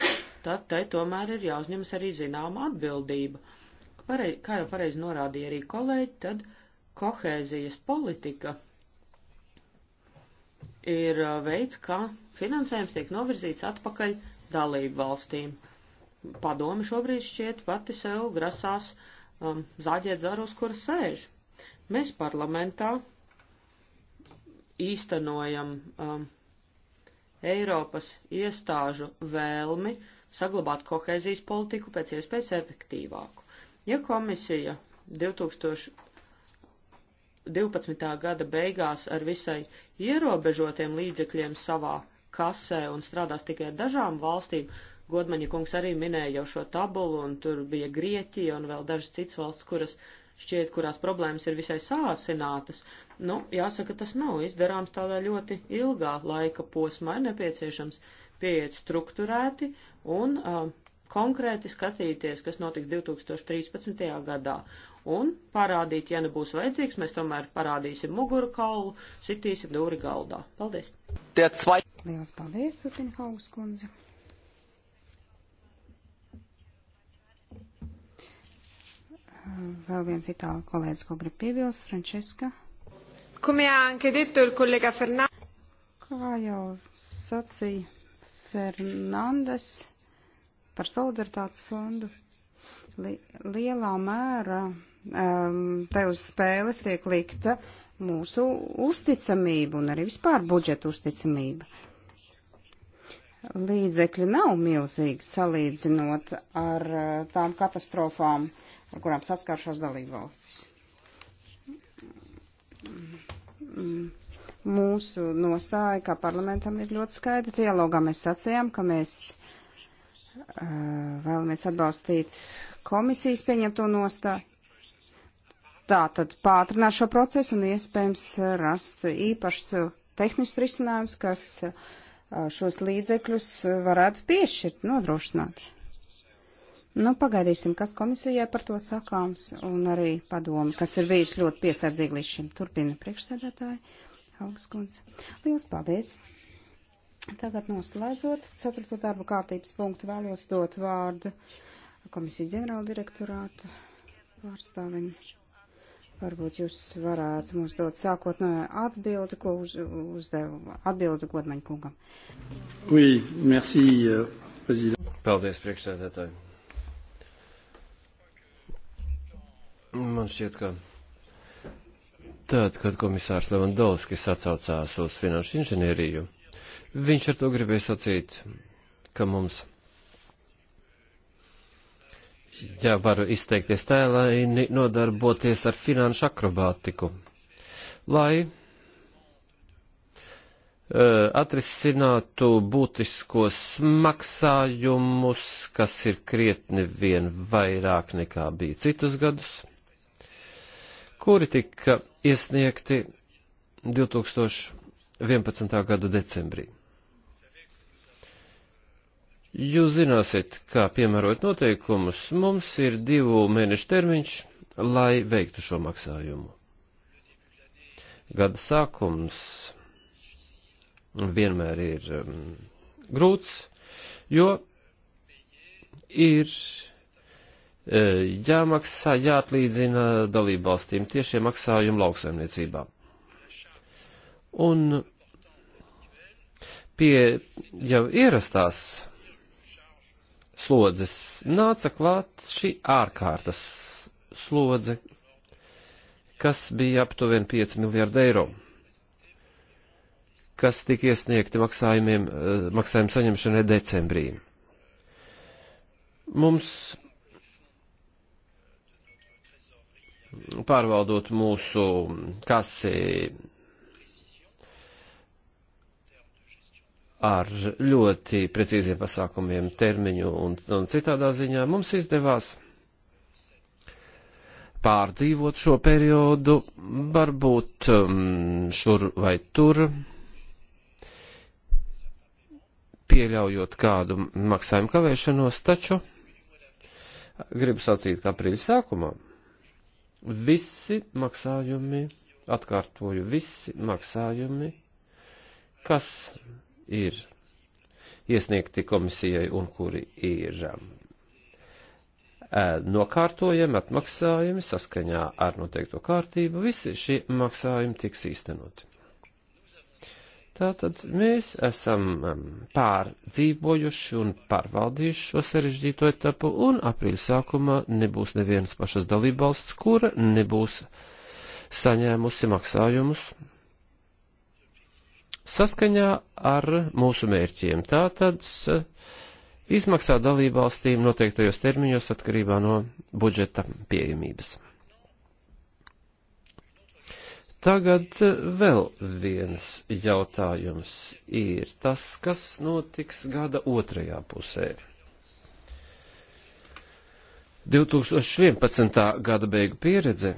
tad tai tomēr ir jāuzņemas arī zināma atbildība. Uh, parei, kā jau pareizi norādīja arī kolēģi, tad kohēzijas politika ir uh, veids, kā finansējums tiek novirzīts atpakaļ dalību valstīm. Padome šobrīd šķiet pati sev grasās um, zāģēt zarus, kur sēž. Mēs parlamentā īstenojam um, Eiropas iestāžu vēlmi saglabāt kohēzijas politiku pēc iespējas efektīvāku. Ja komisija 2012. gada beigās ar visai ierobežotiem līdzekļiem savā kasē un strādās tikai ar dažām valstīm, Godmaņa kungs arī minēja jau šo tabulu, un tur bija Grieķija un vēl dažas citas valsts, kuras šķiet, kurās problēmas ir visai sāsinātas. Nu, jāsaka, tas nav izdarāms tādā ļoti ilgā laika posmā, ir nepieciešams pieiet struktūrēti un uh, konkrēti skatīties, kas notiks 2013. gadā. Un parādīt, ja nebūs nu vajadzīgs, mēs tomēr parādīsim muguru kaulu, sitīsim dūri galdā. Paldies! Lielas paldies, Turpina Haugas kundze! Vēl viens itāļu kolēģis, ko grib piebilst, Frančiska. Come ha anche detto il collega Fernandes. Kā jau sacīja Fernandes, par solidaritātes fondu. Li lielā mērā um, te uz spēles tiek likta mūsu uzticamība un arī vispār budžeta uzticamība. Līdzekļi nav milzīgi salīdzinot ar uh, tām katastrofām, ar kurām saskāršās dalībvalstis. Mūsu nostāja, kā parlamentam, ir ļoti skaidra. Trialogā mēs sacījām, ka mēs Eh, vēlamies atbalstīt komisijas pieņemto nostāju. Tātad pātrināt šo procesu un iespējams rast īpašs tehnisks risinājums, kas eh, šos līdzekļus varētu piešķirt, nodrošināt. Nu, pagaidīsim, kas komisijai par to sakāms, un arī padomu, kas ir bijis ļoti piesardzīgi līdz šim. Turpina priekšsēdētāji, augstskundze. Lielas paldies! Tagad noslēdzot ceturto darba kārtības punktu vēlos dot vārdu komisijas ģenerāldirektorātu pārstāvim. Varbūt jūs varētu mums dot sākotnējo atbildi, ko uz, uzdevu atbildi godmaņa kungam. Oui, merci, euh, prezident. Paldies, priekšsēdētāji. Man šķiet, ka tad, kad komisārs Levandovskis atsaucās uz finanšu inženieriju, Viņš ar to gribēja sacīt, ka mums ja varu izteikties tēlaini, nodarboties ar finanšu akrobātiku, lai uh, atrisinātu būtiskos maksājumus, kas ir krietni vien vairāk nekā bija citus gadus, kuri tika iesniegti 2000. 11. gada decembrī. Jūs zināsiet, kā piemērot noteikumus, mums ir divu mēnešu termiņš, lai veiktu šo maksājumu. Gada sākums vienmēr ir um, grūts, jo ir uh, jāmaksā, jāatlīdzina dalībvalstīm tiešie maksājumi lauksaimniecībā. Un pie jau ierastās slodzes nāca klāt šī ārkārtas slodze, kas bija aptuveni 5 miljārdi eiro, kas tika iesniegti maksājumiem, eh, maksājumu saņemšanai decembrī. Mums pārvaldot mūsu kasi ar ļoti precīziem pasākumiem, termiņu un, un citādā ziņā mums izdevās pārdzīvot šo periodu, varbūt um, šur vai tur, pieļaujot kādu maksājumu kavēšanos, taču gribu sacīt, ka aprīļa sākumā visi maksājumi, atkārtoju, visi maksājumi, kas ir iesniegti komisijai un kuri ir um, nokārtojami, atmaksājumi saskaņā ar noteikto kārtību, visi šie maksājumi tiks īstenoti. Tātad mēs esam um, pārdzīvojuši un pārvaldījuši šo sarežģīto etapu, un aprīļa sākumā nebūs nevienas pašas dalībvalsts, kura nebūs saņēmusi maksājumus saskaņā ar mūsu mērķiem. Tātad izmaksā dalībvalstīm noteiktajos termiņos atkarībā no budžeta pieejamības. Tagad vēl viens jautājums ir tas, kas notiks gada otrajā pusē. 2011. gada beigu pieredze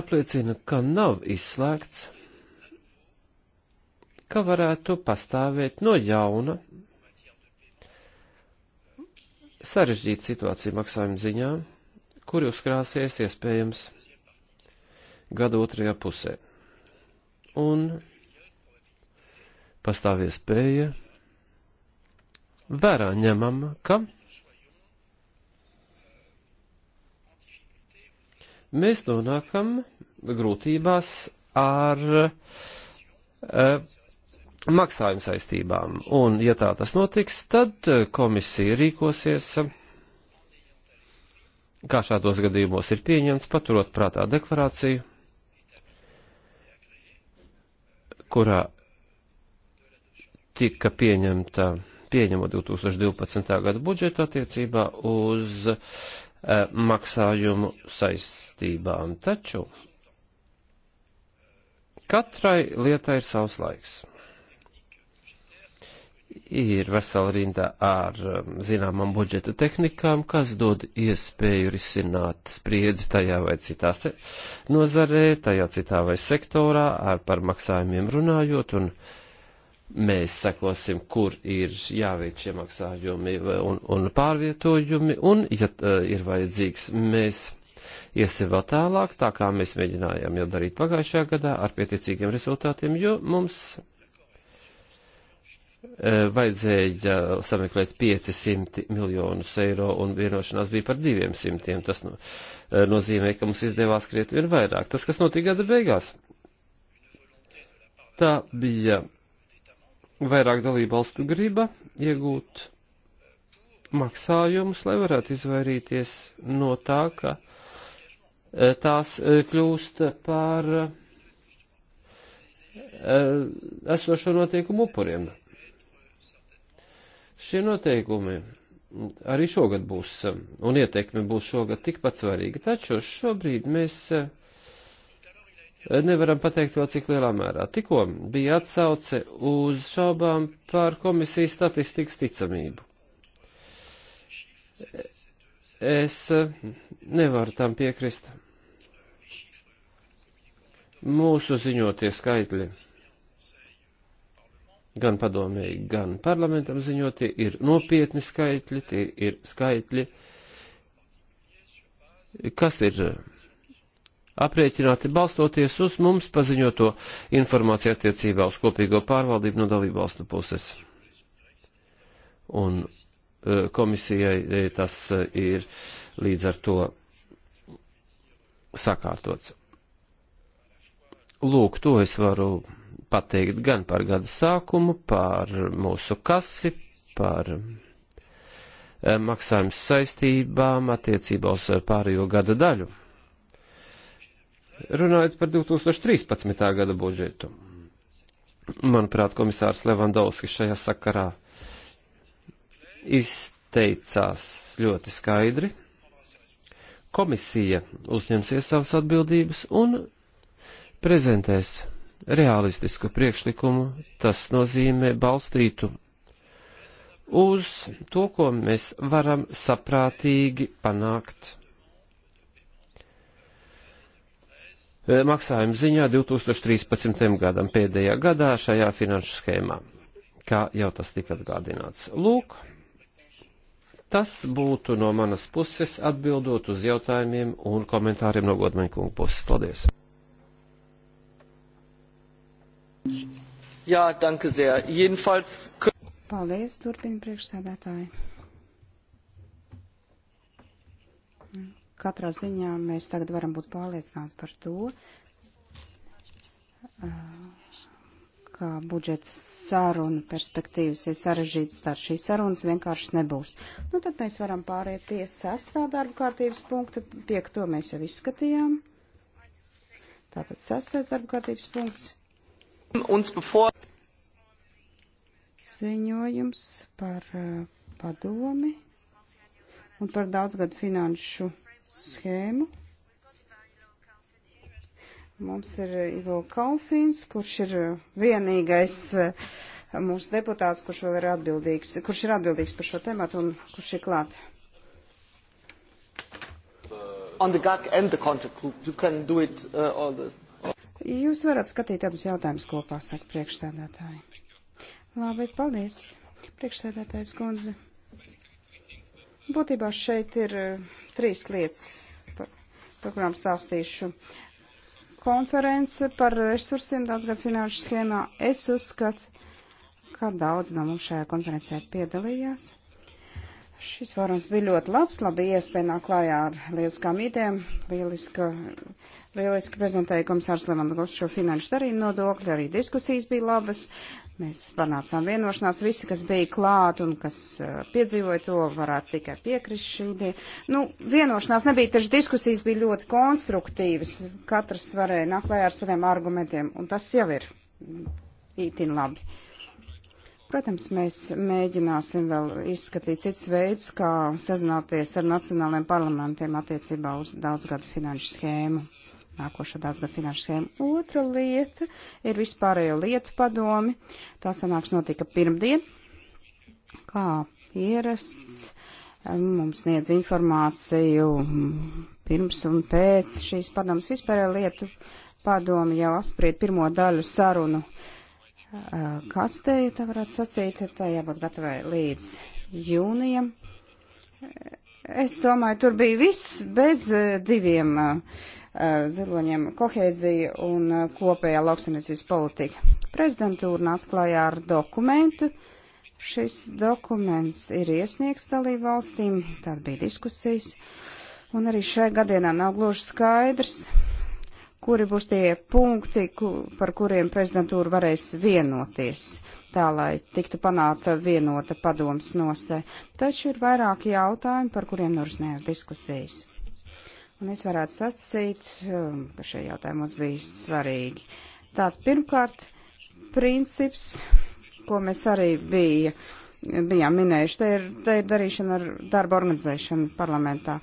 apliecina, ka nav izslēgts ka varētu pastāvēt no jauna sarežģīta situācija maksājuma ziņā, kuri uzkrāsies iespējams gada otrajā pusē. Un pastāv iespēja vērā ņemama, ka mēs nonākam grūtībās ar uh, maksājuma saistībām. Un, ja tā tas notiks, tad eh, komisija rīkosies, kā šādos gadījumos ir pieņemts, paturot prātā deklarāciju, kurā tika pieņemta, pieņemot 2012. gada budžetu attiecībā uz e, maksājumu saistībām. Taču katrai lietai ir savs laiks ir vesela rinda ar um, zināmām budžeta tehnikām, kas dod iespēju risināt spriedzi tajā vai citā nozarē, tajā citā vai sektorā, ar par maksājumiem runājot, un mēs sakosim, kur ir jāveic šie maksājumi un, un pārvietojumi, un, ja uh, ir vajadzīgs, mēs iesim vēl tālāk, tā kā mēs mēģinājām jau darīt pagājušajā gadā ar pietiecīgiem rezultātiem, jo mums Eh, vajadzēja eh, sameklēt 500 miljonus eiro un vienošanās bija par 200. Tas no, nu, eh, nozīmē, ka mums izdevās krietni vien vairāk. Tas, kas notika gada beigās, tā bija vairāk dalību valstu griba iegūt maksājumus, lai varētu izvairīties no tā, ka tās kļūst par esošo notiekumu upuriem. Šie noteikumi arī šogad būs, un ietekme būs šogad tikpat svarīga, taču šobrīd mēs eh, nevaram pateikt vēl cik lielā mērā. Tikko bija atsauce uz šaubām par komisijas statistikas ticamību. Es eh, nevaru tam piekrist. Mūsu ziņotie skaitļi gan padomēji, gan parlamentam ziņot, tie ir nopietni skaitļi, tie ir skaitļi, kas ir eh, aprēķināti balstoties uz mums paziņoto informāciju attiecībā uz kopīgo pārvaldību no dalību valstu puses. Un eh, komisijai eh, tas ir līdz ar to sakārtots. Lūk, to es varu pateikt gan par gada sākumu, par mūsu kasi, par eh, maksājumu saistībām attiecībā uz pārējo gada daļu. Runājot par 2013. gada budžetu, manuprāt, komisārs Levandovskis šajā sakarā izteicās ļoti skaidri. Komisija uzņemsies savas atbildības un prezentēs realistisku priekšlikumu, tas nozīmē balstītu uz to, ko mēs varam saprātīgi panākt. E, maksājuma ziņā 2013. gadam pēdējā gadā šajā finanšu schēmā, kā jau tas tika atgādināts. Lūk, tas būtu no manas puses atbildot uz jautājumiem un komentāriem no Godmaņa kungu puses. Paldies! Jā, danke sehr. Jedenfalls... Paldies, turpina priekšsēdētāji. Katrā ziņā mēs tagad varam būt pārliecināti par to, ka budžeta saruna perspektīvas ir sarežģītas, tad šīs sarunas vienkārši nebūs. Nu, tad mēs varam pāriet pie sastā darba kārtības punkta, piekto mēs jau izskatījām. Tātad sastais darba kārtības punkts. Ziņojums par eh, padomi un par daudzgadu finanšu schēmu. Mums ir eh, Ivo Kalfins, kurš ir eh, vienīgais mūsu deputāts, kurš vēl ir atbildīgs, kurš ir atbildīgs par šo tematu un kurš ir klāt. On the GAC and the contract group, you can do it uh, all the Jūs varat skatīt abus jautājumus kopā, saka priekšsēdētāji. Labi, paldies, priekšsēdētājs kundze. Būtībā šeit ir eh, trīs lietas, par, par kurām stāstīšu. Konference par resursiem daudzgad finanšu schēmā. Es uzskatu, ka daudz no mums šajā konferencē piedalījās. Šis varons bija ļoti labs, labi iespēja nāk klājā ar lieliskām idejām, lieliska Lieliski prezentēja komisārs Levandos šo finanšu darījumu nodokļu, arī diskusijas bija labas. Mēs panācām vienošanās, visi, kas bija klāt un kas uh, piedzīvoja to, varētu tikai piekrist šī ideja. Nu, vienošanās nebija, taču diskusijas bija ļoti konstruktīvas. Katrs varēja naklēt ar saviem argumentiem, un tas jau ir ītin labi. Protams, mēs mēģināsim vēl izskatīt cits veids, kā sazināties ar nacionālajiem parlamentiem attiecībā uz daudzgadu finanšu schēmu nākošo daudzgadu finanšu schēmu. Otra lieta ir vispārējo lietu padomi. Tā sanāks notika pirmdien. Kā ierasts, mums sniedz informāciju pirms un pēc šīs padomas vispārējo lietu padomi jau apspried pirmo daļu sarunu. Kāds te, tā varētu sacīt, tā jābūt gatavai līdz jūnijam Es domāju, tur bija viss bez eh, diviem uh, eh, eh, ziloņiem - kohēzija un uh, kopējā lauksaimniecības politika. Prezidentūra nāca klajā ar dokumentu. Šis dokuments ir iesniegts dalību valstīm, tad bija diskusijas. Un arī šai gadienā nav gluži skaidrs, kuri būs tie punkti, ku, par kuriem prezidentūra varēs vienoties tā, lai tiktu panāta vienota padomas nostē. Taču ir vairāki jautājumi, par kuriem norisinājās diskusijas. Un es varētu sacīt, um, ka šie jautājumi mums bija svarīgi. Tātad pirmkārt, princips, ko mēs arī bija, bijām minējuši, te ir, te ir darīšana ar darba organizēšanu parlamentā.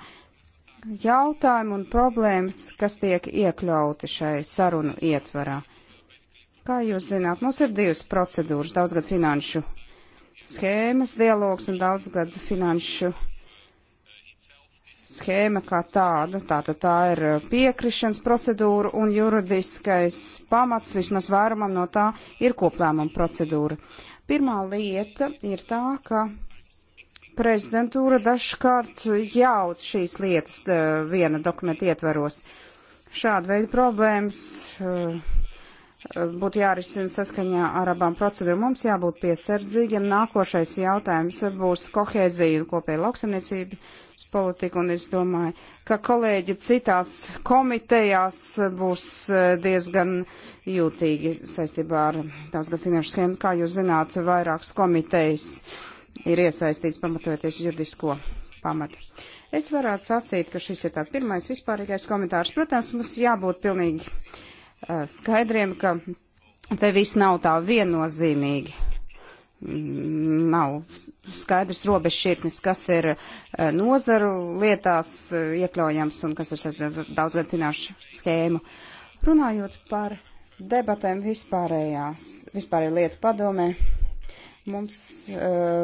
Jautājumi un problēmas, kas tiek iekļauti šai sarunu ietvarā. Uh, Kā jūs zināt, mums ir divas procedūras - daudzgad finanšu schēmas dialogs un daudzgad finanšu schēma kā tāda. Tātad tā ir uh, piekrišanas procedūra un juridiskais pamats vismaz vairumam no tā ir koplēmuma procedūra. Pirmā lieta ir tā, ka prezidentūra dažkārt jauc šīs lietas uh, viena dokumenta ietvaros. Šāda veida problēmas uh, būtu jārisina saskaņā ar abām procedūrām. Mums jābūt piesardzīgiem. Nākošais jautājums būs kohēzija un kopēja lauksaimniecības politika, un es domāju, ka kolēģi citās komitejās būs eh, diezgan jūtīgi saistībā ar daudzgad finanšu schēmu. Kā jūs zināt, vairākas komitejas ir iesaistīts pamatojoties juridisko pamatu. Es varētu sacīt, ka šis ir tāds pirmais vispārīgais komentārs. Protams, mums jābūt pilnīgi Eh, skaidriem, ka te viss nav tā viennozīmīgi. Mm, nav skaidrs robežs šķirtnis, kas ir eh, nozaru lietās eh, iekļaujams un kas ir saistīts daudzgad finanšu schēmu. Runājot par debatēm vispārējās, vispārējo lietu padomē, mums uh,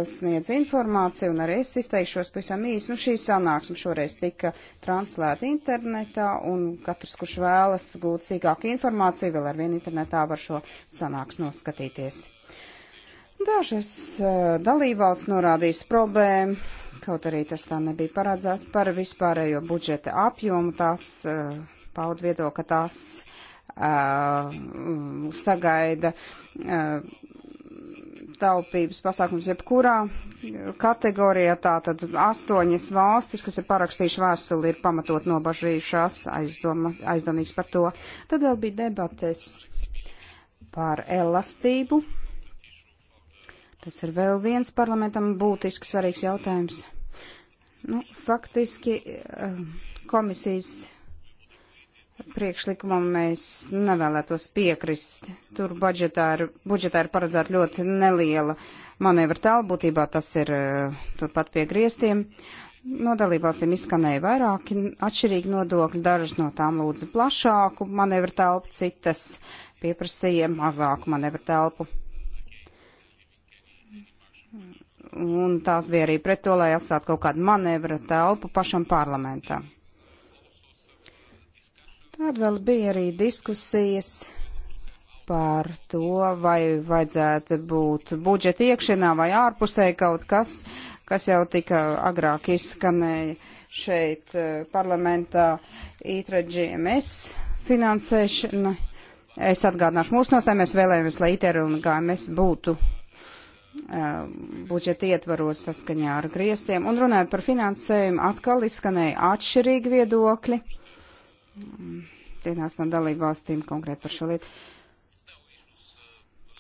sniedz informāciju, un arī es izteikšos pavisam īsi. Nu, šī sanāksme šoreiz tika translēta internetā, un katrs, kurš vēlas gūt sīkāku informāciju, vēl ar vienu internetā var šo sanāksmu noskatīties. Dažas uh, dalībvalsts norādījis problēmu, kaut arī tas tā nebija paredzēts par vispārējo budžeta apjomu, tās uh, eh, paud viedokli, ka tās uh, sagaida. Uh, taupības pasākums jebkurā kategorijā. Tātad astoņas valstis, kas ir parakstījuši vēstuli, ir pamatot nobažījušās aizdoma, aizdomīgs par to. Tad vēl bija debates par elastību. Tas ir vēl viens parlamentam būtisks svarīgs jautājums. Nu, faktiski eh, komisijas priekšlikumam mēs nevēlētos piekrist. Tur budžetā ir, budžetā ir paredzēta ļoti neliela manevra tāla, būtībā tas ir eh, turpat pie griestiem. No dalībvalstīm izskanēja vairāki atšķirīgi nodokļi, dažas no tām lūdza plašāku manevru telpu, citas pieprasīja mazāku manevru telpu. Un tās bija arī pret to, lai atstātu kaut kādu manevru telpu pašam parlamentam. Tad vēl bija arī diskusijas par to, vai vajadzētu būt budžeta iekšienā vai ārpusē kaut kas, kas jau tika agrāk izskanēja šeit eh, parlamentā ITRA GMS finansēšana. Es atgādināšu mūsu nostāju, mēs vēlējamies, lai ITR un GMS būtu uh, budžeta ietvaros saskaņā ar griestiem. Un runājot par finansējumu, atkal izskanēja atšķirīgi viedokļi vienās no dalību valstīm konkrēti par šo lietu.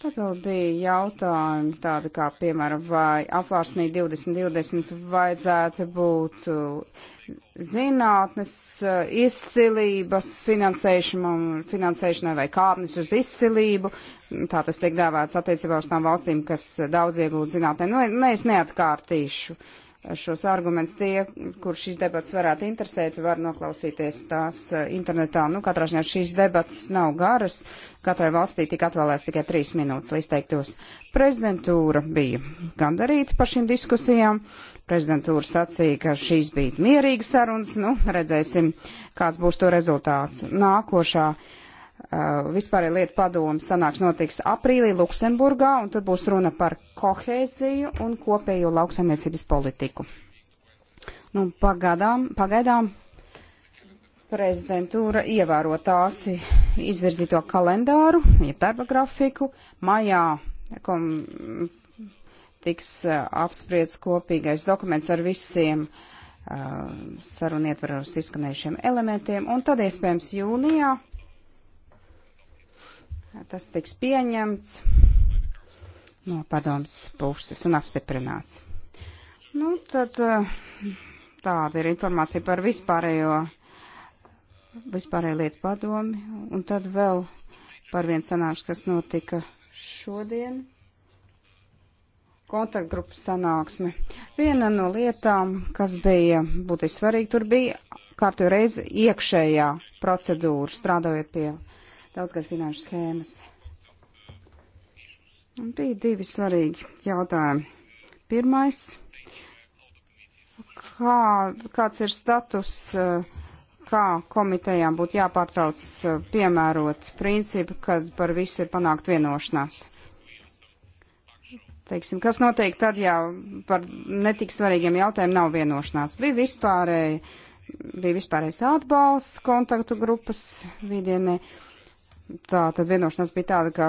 Tad vēl bija jautājumi tādi kā, piemēram, vai apvārsnī 2020 vajadzētu būt uh, zinātnes uh, izcilības finansēšanai vai kāpnes uz izcilību. Tā tas tiek dēvēts attiecībā uz tām valstīm, kas daudz iegūt zinātnē. Nu, ne, es neatkārtīšu. Uh, šos argumentus. Tie, kur šīs debatas varētu interesēt, var noklausīties tās eh, internetā. Nu, katrā ziņā šīs debatas nav garas. Katrai valstī tika atvēlēts tikai trīs minūtes, lai izteiktos. Prezidentūra bija gandarīta par šīm diskusijām. Prezidentūra sacīja, ka šīs bija mierīgas sarunas. Nu, redzēsim, kāds būs to rezultāts. Nākošā Uh, vispārēja lietu padomu sanāks notiks aprīlī Luksemburgā, un tur būs runa par kohēziju un kopējo lauksaimniecības politiku. Nu, pagadām, pagaidām prezidentūra ievēro tās izvirzīto kalendāru, jeb darba grafiku. Maijā kom, tiks uh, apspriests kopīgais dokuments ar visiem uh, sarunu ietvaros izskanējušiem elementiem, un tad iespējams jūnijā tas tiks pieņemts no padomas puses un apstiprināts. Nu, tad eh, tāda ir informācija par vispārējo, vispārējo lietu padomi. Un tad vēl par vienu sanākšu, kas notika šodien. Kontaktgrupas sanāksme. Viena no lietām, kas bija būtiski svarīga, tur bija kārtu reizi iekšējā procedūra, strādājot pie daudzgad finanšu schēmas. Un bija divi svarīgi jautājumi. Pirmais, kā, kāds ir status, eh, kā komitejām būtu jāpārtrauc eh, piemērot principu, kad par visu ir panākt vienošanās? teiksim, kas notiek tad, ja par netik svarīgiem jautājumiem nav vienošanās. Bija vispārēji, bija vispārējais atbalsts kontaktu grupas vidienē, Tā tad vienošanās bija tāda, ka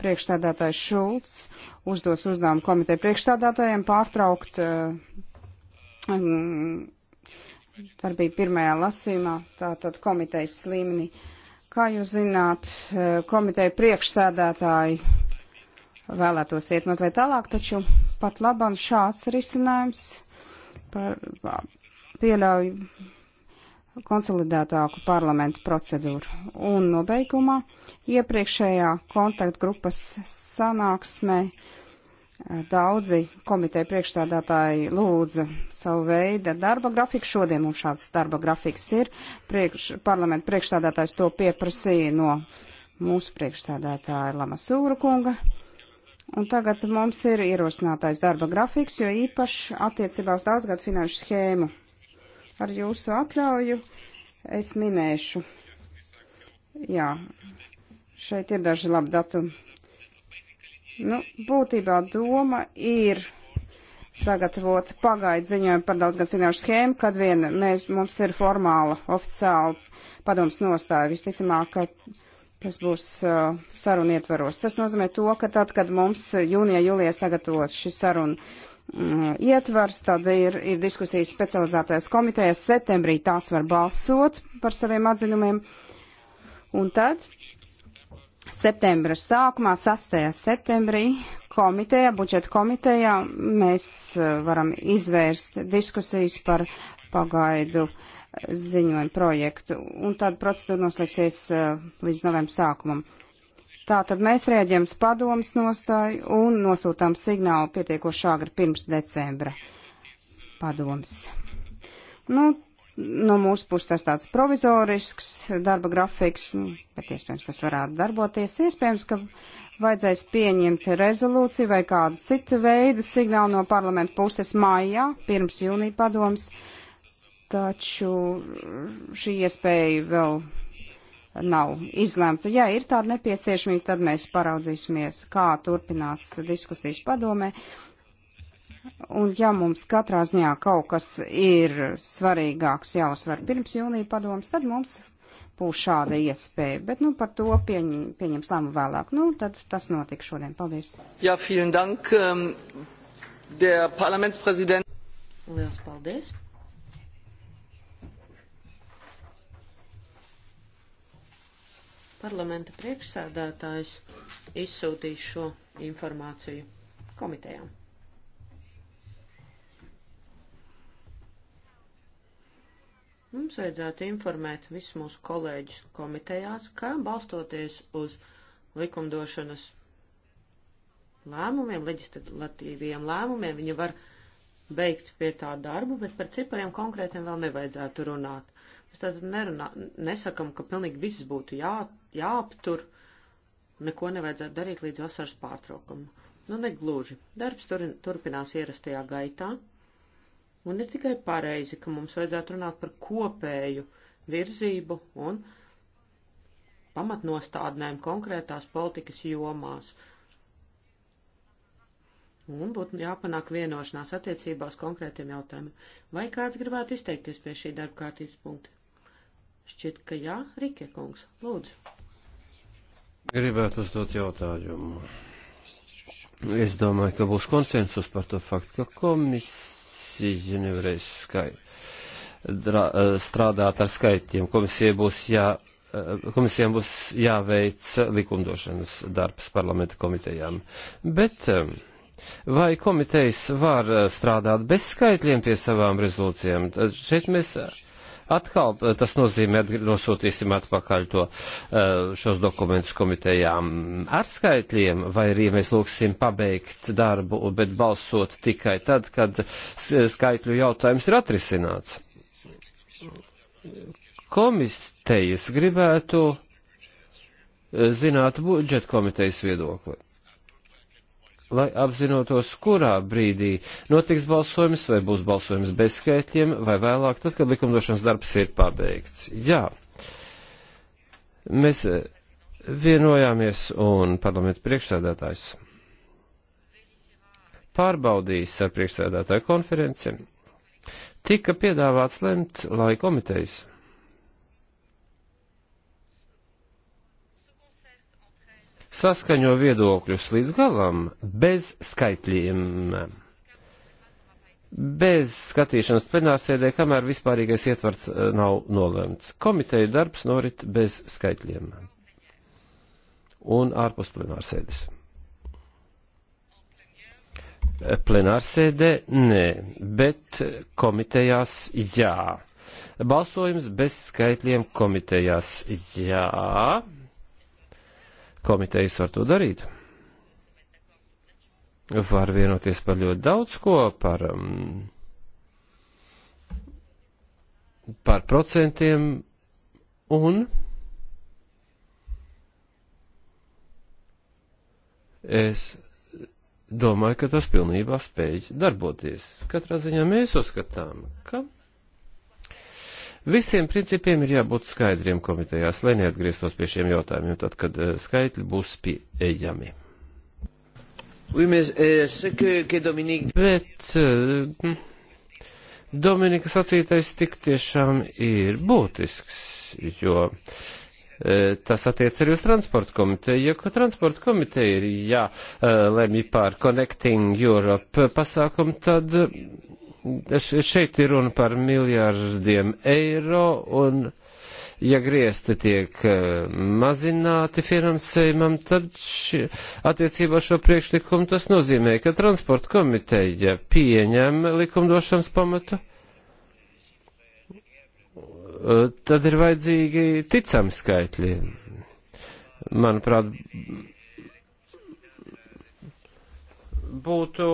priekšstādātājs Šulcs uzdos uzdevumu komiteju priekšstādātājiem pārtraukt eh, mm, darbību pirmajā lasīmā, tātad komitejas līmenī. Kā jūs zināt, eh, komiteja priekšstādātāji vēlētos iet mazliet tālāk, taču pat labam šāds risinājums par, pieļauju konsolidētāku parlamentu procedūru. Un nobeigumā iepriekšējā kontaktgrupas sanāksmē eh, daudzi komiteja priekšstādātāji lūdza savu veidu darba grafiku. Šodien mums šāds darba grafiks ir. Priekš, parlamentu priekšstādātājs to pieprasīja no mūsu priekšstādātāja Lama Sūra kunga. Un tagad mums ir ierosinātais darba grafiks, jo īpaši attiecībā uz daudzgadu finanšu schēmu Ar jūsu atļauju es minēšu. Jā, šeit ir daži labi datumi. Nu, būtībā doma ir sagatavot pagaidu ziņojumu par daudzgad finanšu schēmu, kad vien mēs, mums ir formāla oficiāla padoms nostāja. Visticamāk, ka tas būs uh, saruna ietvaros. Tas nozīmē to, ka tad, kad mums jūnijā, jūlijā sagatavos šis saruna Mm, ietvars, tad ir, ir diskusijas specializētajās komitejās. Septembrī tās var balsot par saviem atzinumiem. Un tad septembra sākumā, 6. septembrī, komitejā, budžeta komitejā, mēs eh, varam izvērst diskusijas par pagaidu eh, ziņojumu projektu. Un tad procedūra noslēgsies eh, līdz novembra sākumam. Tātad mēs rēģējam uz padomas nostāju un nosūtām signālu pietiekoši agri pirms decembra padomas. Nu, no mūsu puses tas tāds provizorisks darba grafiks, nu, bet iespējams tas varētu darboties. Iespējams, ka vajadzēs pieņemt rezolūciju vai kādu citu veidu signālu no parlamenta puses mājā, pirms jūnija padoms, taču šī iespēja vēl nav izlemta. Ja ir tāda nepieciešamība, tad mēs paraudzīsimies, kā turpinās diskusijas padomē. Un ja mums katrā ziņā kaut kas ir svarīgāks jāuzsver pirms jūnija padomas, tad mums būs šāda iespēja. Bet nu, par to pieņ, pieņems lēmu vēlāk. Nu, tad tas notiks šodien. Paldies. Jā, ja, vielen dank. Um, der Parlamentspräsident. Liels paldies. parlamenta priekšsēdētājs izsūtīs šo informāciju komitejām. Mums vajadzētu informēt visus mūsu kolēģus komitejās, ka balstoties uz likumdošanas lēmumiem, leģislatīviem lēmumiem, viņi var beigt pie tā darbu, bet par cipariem konkrētiem vēl nevajadzētu runāt. Mēs tātad nerunā, nesakam, ka pilnīgi viss būtu jā, jāaptur, neko nevajadzētu darīt līdz vasaras pārtraukumam. Nu, negluži. Darbs tur, turpinās ierastajā gaitā, un ir tikai pareizi, ka mums vajadzētu runāt par kopēju virzību un pamatnostādnēm konkrētās politikas jomās. Un būtu jāpanāk vienošanās attiecībās konkrētiem jautājumiem. Vai kāds gribētu izteikties pie šī darba kārtības punkta? Šķiet, ka jā, Rike kungs, lūdzu. Gribētu uzdot jautājumu. Es domāju, ka būs konsensus par to faktu, ka komisija nevarēs skait, dra, eh, strādāt ar skaitļiem. Komisija būs jā, eh, komisijām būs jāveic likumdošanas darbs parlamenta komitejām. Bet eh, vai komitejas var strādāt bez skaitļiem pie savām rezolūcijām? Šeit mēs Atkal eh, tas nozīmē, nosūtīsim atpakaļ to, eh, šos dokumentus komitejām ar skaitļiem, vai arī mēs lūksim pabeigt darbu, bet balsot tikai tad, kad skaitļu jautājums ir atrisināts. Komistejas gribētu eh, zināt budžeta komitejas viedokli lai apzinotos, kurā brīdī notiks balsojums, vai būs balsojums bez skaitļiem, vai vēlāk, tad, kad likumdošanas darbs ir pabeigts. Jā, mēs eh, vienojāmies un parlamentu priekšsēdētājs pārbaudījis ar priekšsēdētāju konferenci. Tika piedāvāts lemt, lai komitejas saskaņo viedokļus līdz galam, bez skaitļiem, bez skatīšanas plenārsēdē, kamēr vispārīgais ietvarts eh, nav nolemts. Komiteja darbs norit bez skaitļiem un ārpus plenārsēdes. Eh, plenārsēdē nē, bet komitejās jā. Balsojums bez skaitļiem komitejās jā komitejas var to darīt. Var vienoties par ļoti daudz ko, par, um, par procentiem un es domāju, ka tas pilnībā spēj darboties. Katrā ziņā mēs uzskatām, ka Visiem principiem ir jābūt skaidriem komitejās, lai neatgrieztos pie šiem jautājumiem, tad, kad eh, skaitļi būs pieejami. Oui, mais, euh, ce que, que Dominique... Bet euh, Dominika sacītais tik tiešām ir būtisks, jo eh, tas attiec arī uz transporta komiteju, jo transporta komiteja ir jālemj eh, par Connecting Europe pasākumu, tad šeit ir runa par miljārdiem eiro, un ja griezti tiek eh, mazināti finansējumam, tad ši, attiecībā šo priekšlikumu tas nozīmē, ka transporta komiteja pieņem likumdošanas pamatu. Eh, tad ir vajadzīgi ticami skaitļi. Manuprāt, būtu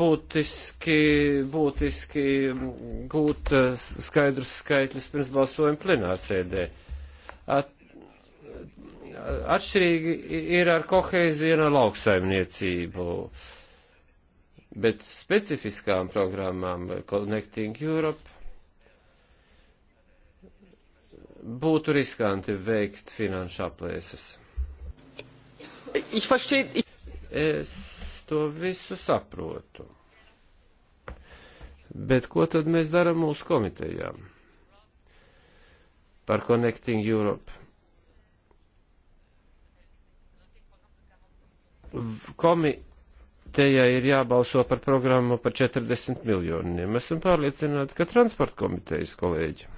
būtiski, būtiski gūt eh, skaidrus skaitļus pirms balsojuma plenārsēdē. At, atšķirīgi ir ar kohēzienu un lauksaimniecību, bet specifiskām programmām Connecting Europe būtu riskanti veikt finanšu aplēses. Es to visu saprotu. Bet ko tad mēs darām mūsu komitejām par Connecting Europe? Komiteja ir jābalso par programmu par 40 miljoniem. Esam pārliecināti, ka transporta komitejas kolēģi.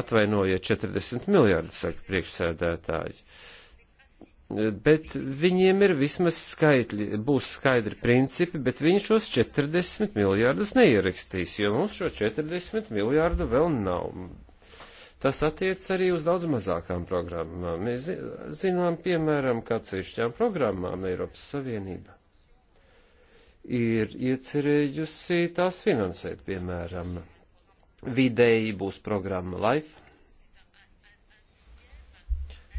Atvainojiet 40 miljardi, saka priekšsēdētāji. Uh, bet viņiem ir vismaz skaitļi, būs skaidri principi, bet viņi šos 40 miljārdus neierakstīs, jo mums šo 40 miljārdu vēl nav. Tas attiec arī uz daudz mazākām programmām. Mēs zinām, piemēram, kā cešķām programmām Eiropas Savienība ir iecerējusi tās finansēt, piemēram, vidēji būs programma Life,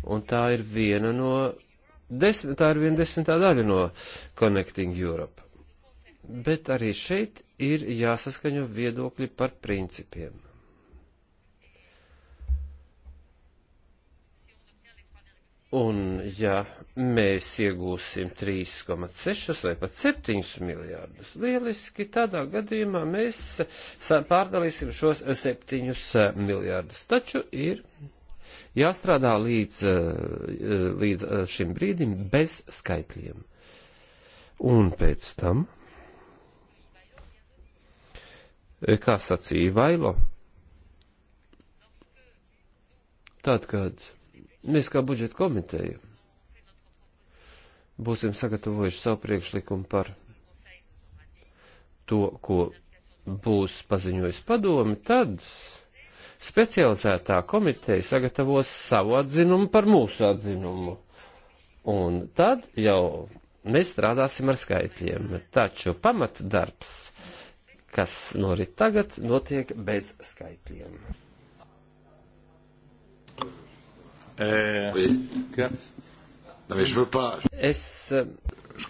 Un tā ir viena no desmit, tā ir viena desmitā daļa no Connecting Europe. Bet arī šeit ir jāsaskaņo viedokļi par principiem. Un, ja mēs iegūsim 3,6 vai pat 7 miljārdus, lieliski tādā gadījumā mēs pārdalīsim šos 7 miljārdus. Taču ir Jāstrādā līdz, eh, eh, līdz eh, šim brīdim bez skaitļiem. Un pēc tam, kā sacīja Vailo, tad, kad mēs kā budžeta komiteja būsim sagatavojuši savu priekšlikumu par to, ko būs paziņojis padomi, tad specializētā komiteja sagatavos savu atzinumu par mūsu atzinumu. Un tad jau mēs strādāsim ar skaitļiem. Taču pamatdarbs, kas norit tagad, notiek bez skaitļiem. Euh, es, eh, es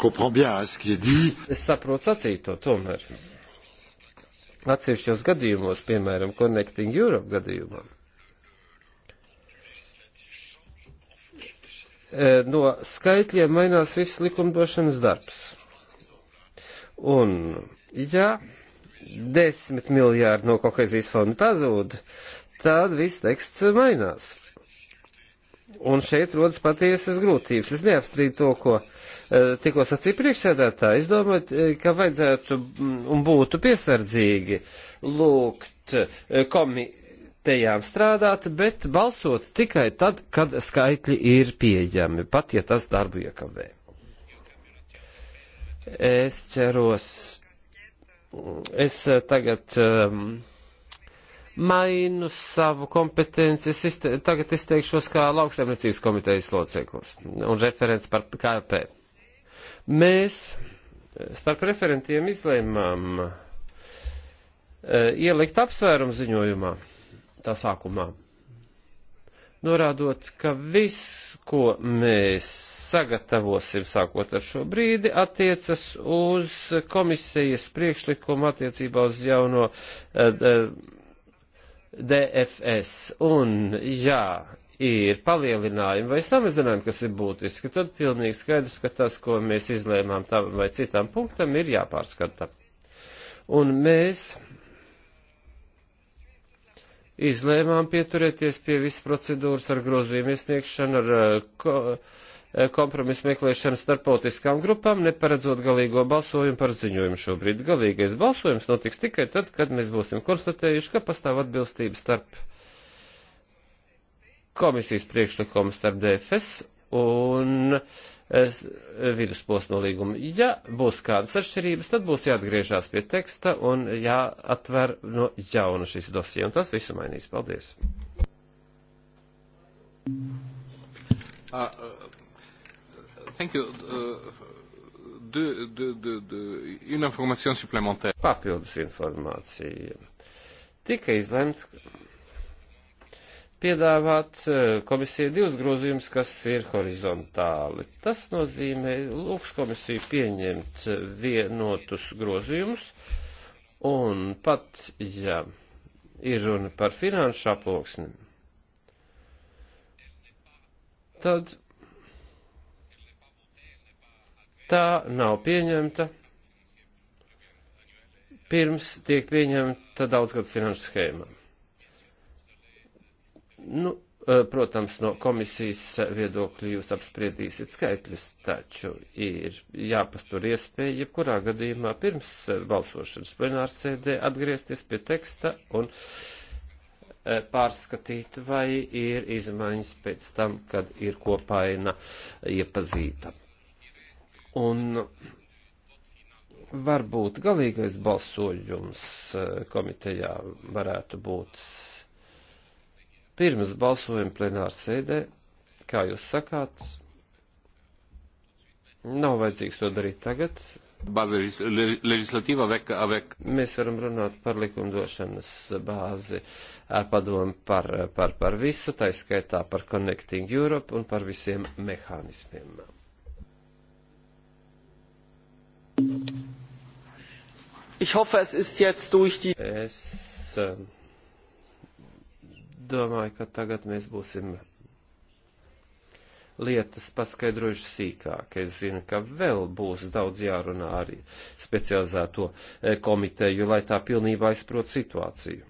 saprotu sacīto tomēr atsevišķos gadījumos, piemēram, Connecting Europe gadījumā, e, no skaitļiem mainās viss likumdošanas darbs. Un, ja desmit miljārdi no kohezijas fonda pazūd, tad viss teksts mainās. Un šeit rodas patiesas grūtības. Es neapstrīdu to, ko eh, tikko sacīja priekšsēdētāji. Es domāju, eh, ka vajadzētu mm, un būtu piesardzīgi lūgt eh, komitejām strādāt, bet balsot tikai tad, kad skaitļi ir pieejami, pat ja tas darbu iekavē. Es ceros. Mm, es tagad. Um, mainu savu kompetenci. Es izte, tagad izteikšos kā lauksaimniecības komitejas loceklis un referents par KLP. Mēs starp referentiem izlēmām e, ielikt apsvērumu ziņojumā, tā sākumā, norādot, ka viss, ko mēs sagatavosim sākot ar šo brīdi, attiecas uz komisijas priekšlikumu attiecībā uz jauno. E, e, DFS. Un, jā, ir palielinājumi vai samazinājumi, kas ir būtiski, tad pilnīgi skaidrs, ka tas, ko mēs izlēmām tam vai citam punktam, ir jāpārskata. Un mēs izlēmām pieturēties pie visas procedūras ar grozījumu iesniegšanu, ar uh, ko, uh, Eh, kompromisu meklēšanu starp politiskām grupām, neparedzot galīgo balsojumu par ziņojumu šobrīd. Galīgais balsojums notiks tikai tad, kad mēs būsim konstatējuši, ka pastāv atbilstība starp komisijas priekšlikumu starp DFS un eh, vidusposma līgumu. Ja būs kādas atšķirības, tad būs jāatgriežās pie teksta un jāatver no jauna šis dosie, un tas visu mainīs. Paldies! Uh, uh. Thank you. Uh, de, de, de, de, une information supplémentaire. Papildus informācija. Tika izlemts piedāvāt uh, komisijai divus grozījumus, kas ir horizontāli. Tas nozīmē lūgs komisiju pieņemt vienotus grozījumus, un pat, ja ir runa par finanšu aploksni, tad tā nav pieņemta pirms tiek pieņemta daudzgad finanšu schēma. Nu, eh, protams, no komisijas viedokļa jūs apspriedīsiet skaitļus, taču ir jāpastur iespēja, jebkurā gadījumā pirms balsošanas plenārsēdē atgriezties pie teksta un eh, pārskatīt, vai ir izmaiņas pēc tam, kad ir kopaina iepazīta. Un varbūt galīgais balsojums e, komitejā varētu būt pirms balsojuma plenāra sēdē, kā jūs sakāt. Nav vajadzīgs to darīt tagad. Bāzes leģislatīva vek, vek. Mēs varam runāt par likumdošanas bāzi ar padomu par, par, par visu, taiskaitā par Connecting Europe un par visiem mehānismiem. Ich hoffe, es ist jetzt durch die. Es ähm, domāju, ka tagad mēs būsim lietas paskaidrojuši sīkāk. Es zinu, ka vēl būs daudz jārunā ar specializēto e, komiteju, lai tā pilnībā izprot situāciju.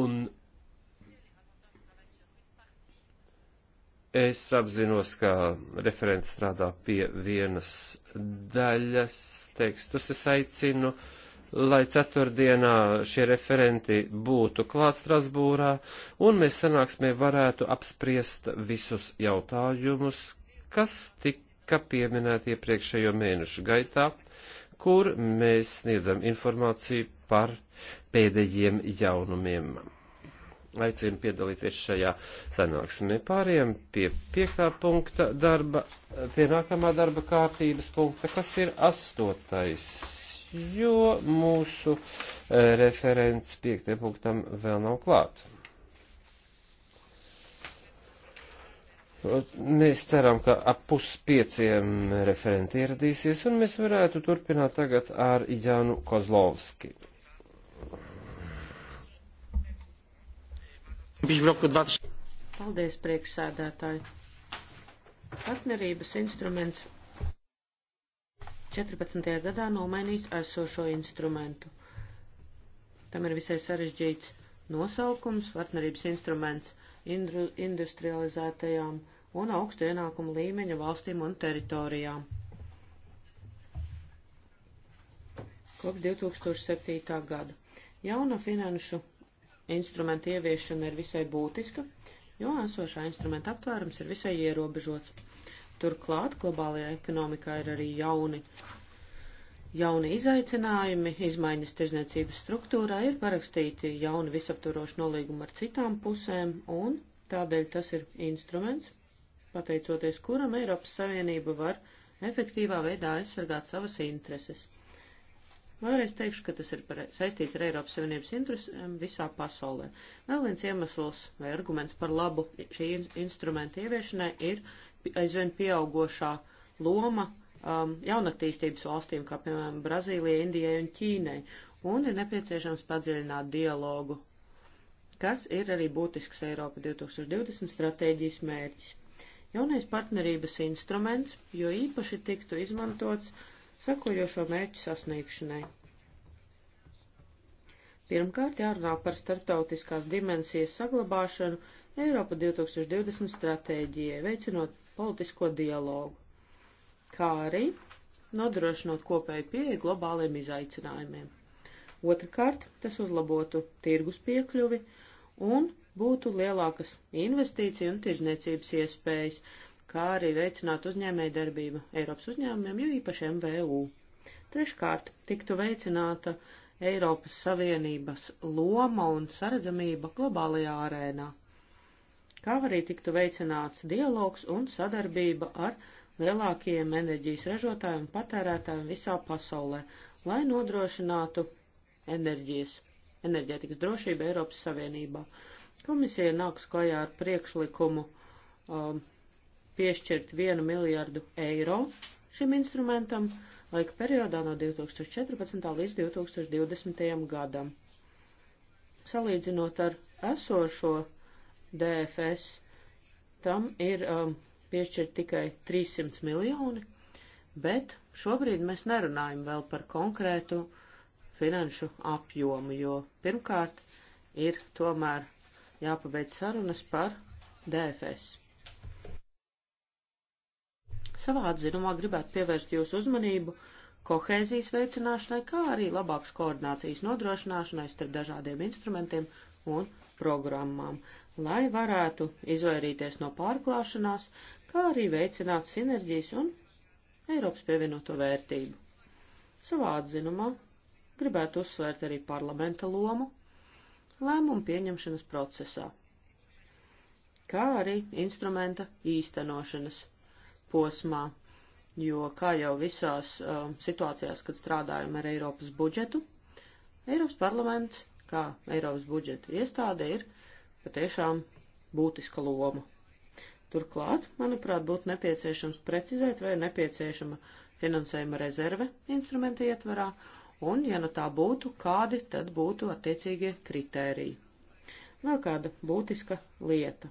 Un Es apzinos, ka referents strādā pie vienas daļas tekstus. Es aicinu, lai ceturtdienā šie referenti būtu klāt Strasbūrā, un mēs sanāksmē varētu apspriest visus jautājumus, kas tika pieminēti iepriekšējo mēnešu gaitā, kur mēs sniedzam informāciju par pēdējiem jaunumiem aicinu piedalīties šajā sanāksmē. Pāriem pie piektā punkta darba, pie nākamā darba kārtības punkta, kas ir astotais, jo mūsu e, referents piektajam punktam vēl nav klāt. Mēs ceram, ka ap puspieciem referenti ieradīsies, un mēs varētu turpināt tagad ar Jānu Kozlovski. Paldies, priekšsēdētāji. Partnerības instruments 14. gadā nomainīs esošo instrumentu. Tam ir visai sarežģīts nosaukums - partnerības instruments indru, industrializētajām un augstu ienākumu līmeņa valstīm un teritorijām. Kopš 2007. gada jauna finanšu instrumenta ieviešana ir visai būtiska, jo esošā instrumenta aptvērums ir visai ierobežots. Turklāt globālajā ekonomikā ir arī jauni, jauni izaicinājumi, izmaiņas tirzniecības struktūrā ir parakstīti jauni visaptvaroši nolīgumi ar citām pusēm, un tādēļ tas ir instruments, pateicoties kuram Eiropas Savienība var efektīvā veidā aizsargāt savas intereses. Vēlreiz teikšu, ka tas ir saistīts ar Eiropas Savienības interesēm visā pasaulē. Vēl viens iemesls vai arguments par labu šī instrumenta ieviešanai ir aizvien pieaugošā loma um, jaunatīstības valstīm, kā piemēram Brazīlijai, Indijai un Ķīnai, un ir nepieciešams padziļināt dialogu, kas ir arī būtisks Eiropa 2020 stratēģijas mērķis. Jaunais partnerības instruments, jo īpaši tiktu izmantots uh, sakojošo mērķu sasniegšanai. Pirmkārt, jārunā par starptautiskās dimensijas saglabāšanu Eiropa 2020 stratēģijai, veicinot politisko dialogu, kā arī nodrošinot kopēju pieeju globāliem izaicinājumiem. Otrakārt, tas uzlabotu tirgus piekļuvi un būtu lielākas investīcija un tirzniecības iespējas, kā arī veicināt uzņēmēju darbību Eiropas uzņēmumiem, jo īpaši MVU. Treškārt, tiktu veicināta Eiropas Savienības loma un saredzamība globālajā arēnā, kā arī tiktu veicināts dialogs un sadarbība ar lielākajiem enerģijas ražotājiem un patērētājiem visā pasaulē, lai nodrošinātu enerģijas, enerģētikas drošību Eiropas Savienībā. Komisija nāks klajā ar priekšlikumu um, piešķirt 1 miljardu eiro šim instrumentam laika periodā no 2014. līdz 2020. gadam. Salīdzinot ar esošo DFS, tam ir um, piešķirt tikai 300 miljoni, bet šobrīd mēs nerunājam vēl par konkrētu finanšu apjomu, jo pirmkārt ir tomēr jāpabeidz sarunas par DFS. Savā atzinumā gribētu pievērst jūsu uzmanību kohēzijas veicināšanai, kā arī labākas koordinācijas nodrošināšanai starp dažādiem instrumentiem un programmām, lai varētu izvairīties no pārklāšanās, kā arī veicināt sinerģijas un Eiropas pievienoto vērtību. Savā atzinumā gribētu uzsvērt arī parlamenta lomu lēmumu pieņemšanas procesā, kā arī instrumenta īstenošanas posmā, jo kā jau visās um, situācijās, kad strādājam ar Eiropas budžetu, Eiropas parlaments, kā Eiropas budžeta iestāde, ir patiešām būtiska loma. Turklāt, manuprāt, būtu nepieciešams precizēt, vai ir nepieciešama finansējuma rezerve instrumenta ietvarā, un, ja nu tā būtu, kādi tad būtu attiecīgie kritēriji. Vēl kāda būtiska lieta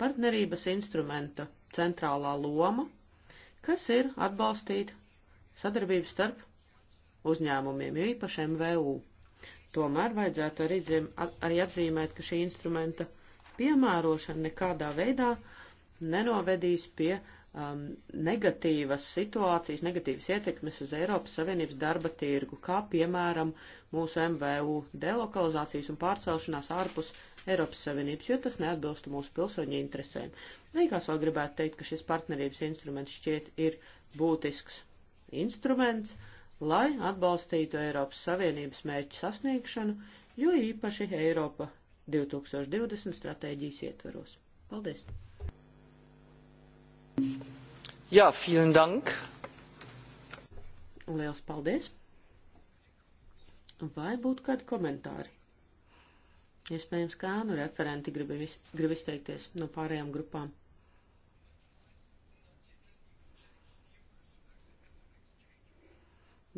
partnerības instrumenta centrālā loma, kas ir atbalstīt sadarbību starp uzņēmumiem, jo īpaši MVU. Tomēr vajadzētu arī, dzim, arī atzīmēt, ka šī instrumenta piemērošana nekādā veidā nenovedīs pie uh, um, negatīvas situācijas, negatīvas ietekmes uz Eiropas Savienības darba tirgu, kā piemēram mūsu MVU delokalizācijas un pārcelšanās ārpus Eiropas Savienības, jo tas neatbilst mūsu pilsoņu interesēm. Beigās nu, vēl gribētu teikt, ka šis partnerības instruments šķiet ir būtisks instruments, lai atbalstītu Eiropas Savienības mērķu sasniegšanu, jo īpaši Eiropa 2020 stratēģijas ietveros. Paldies! Jā, vielen dank. Liels paldies. Vai būtu kādi komentāri? Iespējams, kā nu referenti grib, grib izteikties no pārējām grupām.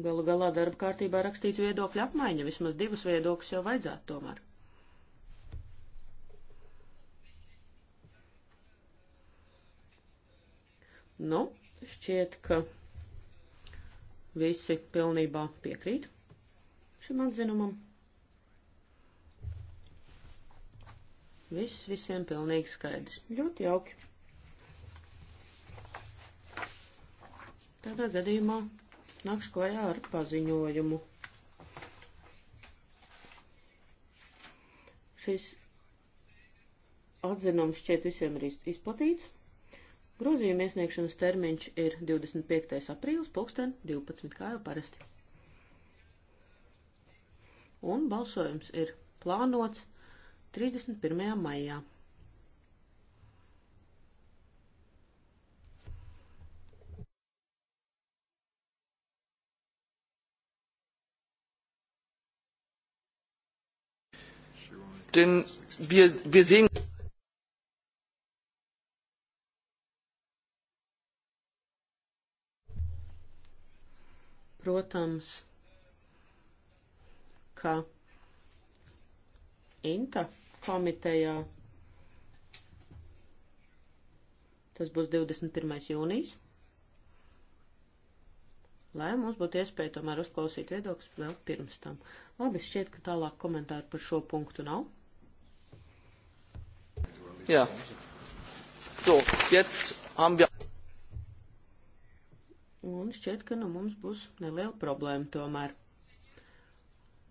Galu galā darba kārtībā rakstīts viedokļu apmaiņa, vismaz divus viedokļus jau vajadzētu tomēr. Nu, šķiet, ka visi pilnībā piekrīt šim atzinumam. Viss visiem pilnīgi skaidrs. Ļoti jauki. Tādā gadījumā nakšu klajā ar paziņojumu. Šis atzinums šķiet visiem ir izplatīts. Grozījuma iesniegšanas termiņš ir 25. aprīlis, pulksten 12, kā jau parasti. Un balsojums ir plānots 31. maijā. Denn wir, wir sehen. Protams, ka INTA komitejā tas būs 21. jūnijas, lai mums būtu iespēja tomēr uzklausīt viedokļus vēl pirms tam. Labi, šķiet, ka tālāk komentāru par šo punktu nav. Jā. So, jetzt haben wir un šķiet, ka nu mums būs neliela problēma tomēr.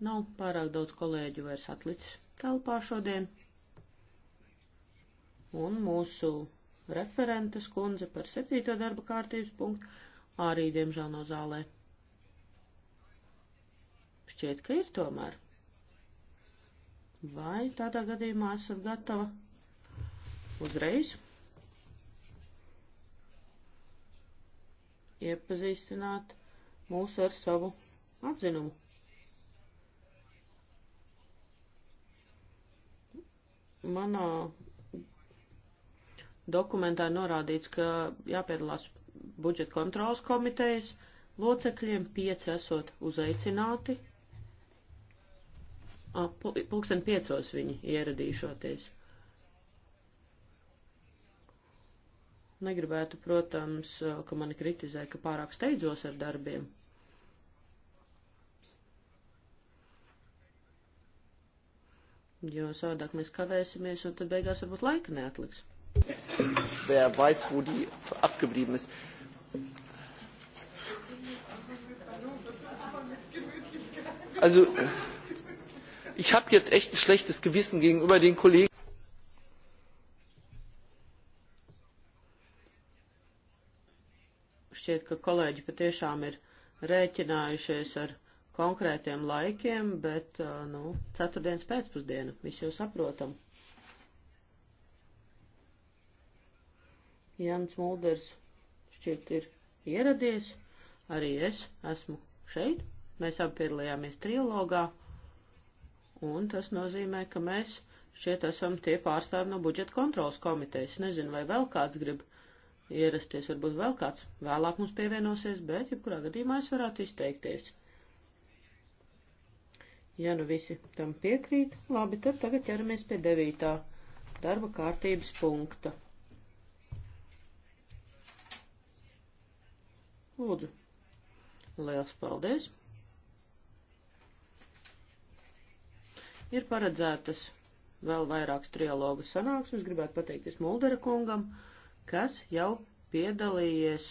Nav pārāk daudz kolēģu vairs atlicis telpā šodien, un mūsu referentes kundze par septīto darba kārtības punktu arī, diemžēl, nav no zālē. Šķiet, ka ir tomēr. Vai tādā gadījumā esat gatava uzreiz? iepazīstināt mūs ar savu atzinumu. Manā dokumentā norādīts, ka jāpiedalās budžeta kontrolas komitejas locekļiem, pieci esot uzaicināti. Pulksten piecos viņi ieradīšoties. Negribētu, protams, eh, ka mani kritizē, ka pārāk steidzos ar darbiem. Jo savādāk mēs kavēsimies, un tad beigās varbūt laika neatliks. Wer weiß, wo die abgeblieben ist. Also, ich habe jetzt echt ein schlechtes Gewissen gegenüber den Kollegen. šķiet, ka kolēģi patiešām ir rēķinājušies ar konkrētiem laikiem, bet, nu, ceturtdienas pēcpusdiena, visi jau saprotam. Jans Mulders šķiet ir ieradies, arī es esmu šeit, mēs abi piedalījāmies trilogā, un tas nozīmē, ka mēs šeit esam tie pārstāvi no budžeta kontrolas komitejas. Nezinu, vai vēl kāds grib ierasties, varbūt vēl kāds vēlāk mums pievienosies, bet jebkurā gadījumā es varētu izteikties. Ja nu visi tam piekrīt, labi, tad tagad ķeramies pie devītā darba kārtības punkta. Lūdzu, liels paldies! Ir paredzētas vēl vairākas trialogu sanāksmes, gribētu pateikties Muldera kungam. Uh, kas jau piedalījies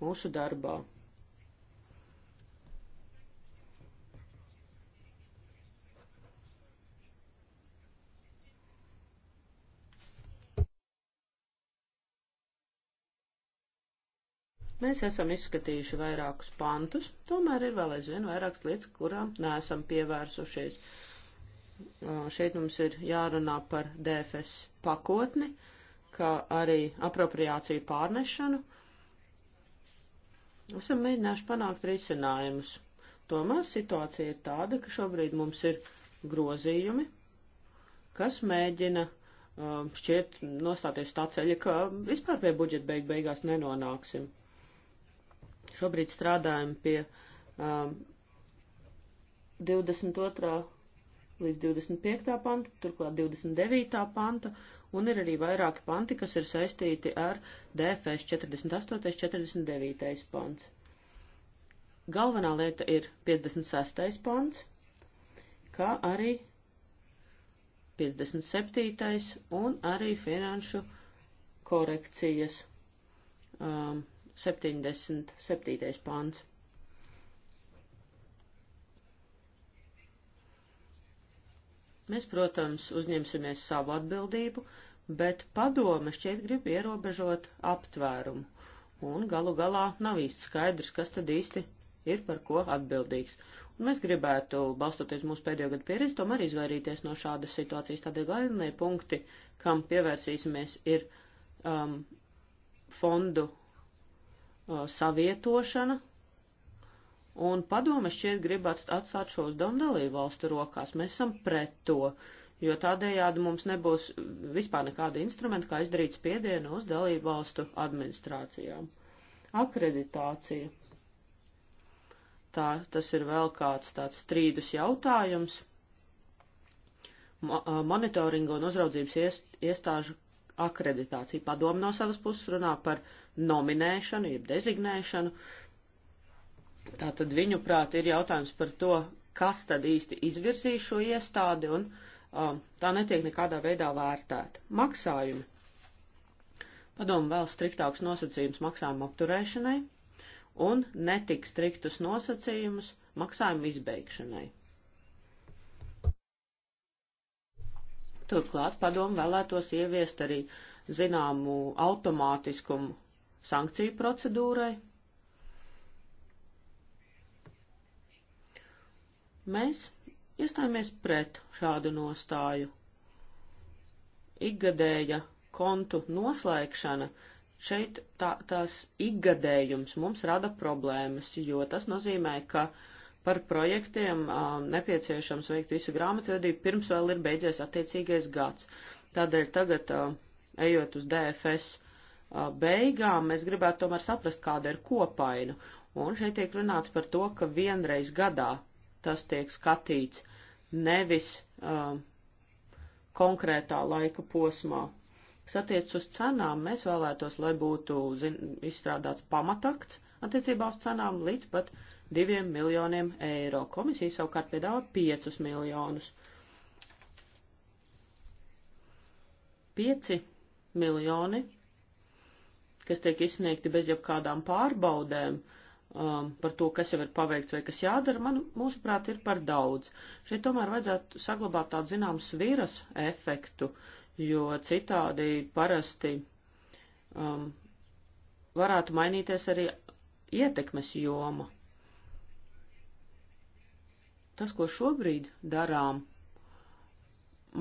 mūsu darbā. Mēs esam izskatījuši vairākus pantus, tomēr ir vēl aizvien vairākas lietas, kurām neesam pievērsušies. Šeit mums ir jārunā par DFS pakotni, uh, kā arī apropriāciju pārnešanu. Esam mēģinājuši panākt risinājumus. Tomēr situācija ir tāda, ka šobrīd mums ir grozījumi, kas mēģina um, šķiet nostāties tā ceļa, ka vispār pie budžeta beig beigās nenonāksim. Šobrīd strādājam pie um, 22. līdz 25. panta, turklāt 29. panta, un ir arī vairāki panti, kas ir saistīti ar DFS 48. 49. pants. Galvenā lieta ir 56. pants, kā arī 57. un arī finanšu korekcijas um, 77. pants. Mēs, protams, uzņemsimies savu atbildību, bet padome šķiet grib ierobežot aptvērumu, un galu galā nav īsti skaidrs, kas tad īsti ir par ko atbildīgs. Un mēs gribētu, balstoties mūsu pēdējo gadu pieredzi, tomēr izvairīties no šādas situācijas. Tādēļ galvenie punkti, kam pievērsīsimies, ir um, fondu uh, savietošana, Un padome šķiet gribat atstāt šo uzdevumu dalību valstu rokās. Mēs esam pret to, jo tādējādi mums nebūs vispār nekāda instrumenta, kā izdarīt spiedienu uz dalību valstu administrācijām. Akreditācija. Tā, tas ir vēl kāds tāds strīdus jautājums. Ma monitoringa un uzraudzības iest, iestāžu akreditācija. Padoma no savas puses runā par nominēšanu, jeb dezignēšanu, Tātad viņu prāt ir jautājums par to, kas tad īsti izvirzīs šo iestādi, un um, tā netiek nekādā veidā vērtēta. Maksājumi. Padomu vēl striktāks nosacījums maksājumu apturēšanai un netik striktus nosacījumus maksājumu izbeigšanai. Turklāt padomu vēlētos ieviest arī zināmu automātiskumu sankciju procedūrai, Mēs iestājāmies pret šādu nostāju. Ikgadēja kontu noslēgšana šeit tā, tās ikgadējums mums rada problēmas, jo tas nozīmē, ka par projektiem um, nepieciešams veikt visu grāmatvedību pirms vēl ir beidzies attiecīgais gads. Tādēļ tagad, uh, ejot uz DFS uh, beigām, mēs gribētu tomēr saprast, kāda ir kopaina. Un šeit tiek runāts par to, ka vienreiz gadā tas tiek skatīts nevis um, konkrētā laika posmā. Kas attiec uz cenām, mēs vēlētos, lai būtu zin, izstrādāts pamatakts attiecībā uz cenām līdz pat diviem miljoniem eiro. Komisija savukārt piedāvā 5 miljonus. 5 miljoni, kas tiek izsniegti bez jebkādām pārbaudēm, uh, um, par to, kas jau ir paveikts vai kas jādara, man, mūsuprāt, ir par daudz. Šeit tomēr vajadzētu saglabāt tādu zināmu sviras efektu, jo citādi parasti um, varētu mainīties arī ietekmes joma. Tas, ko šobrīd darām,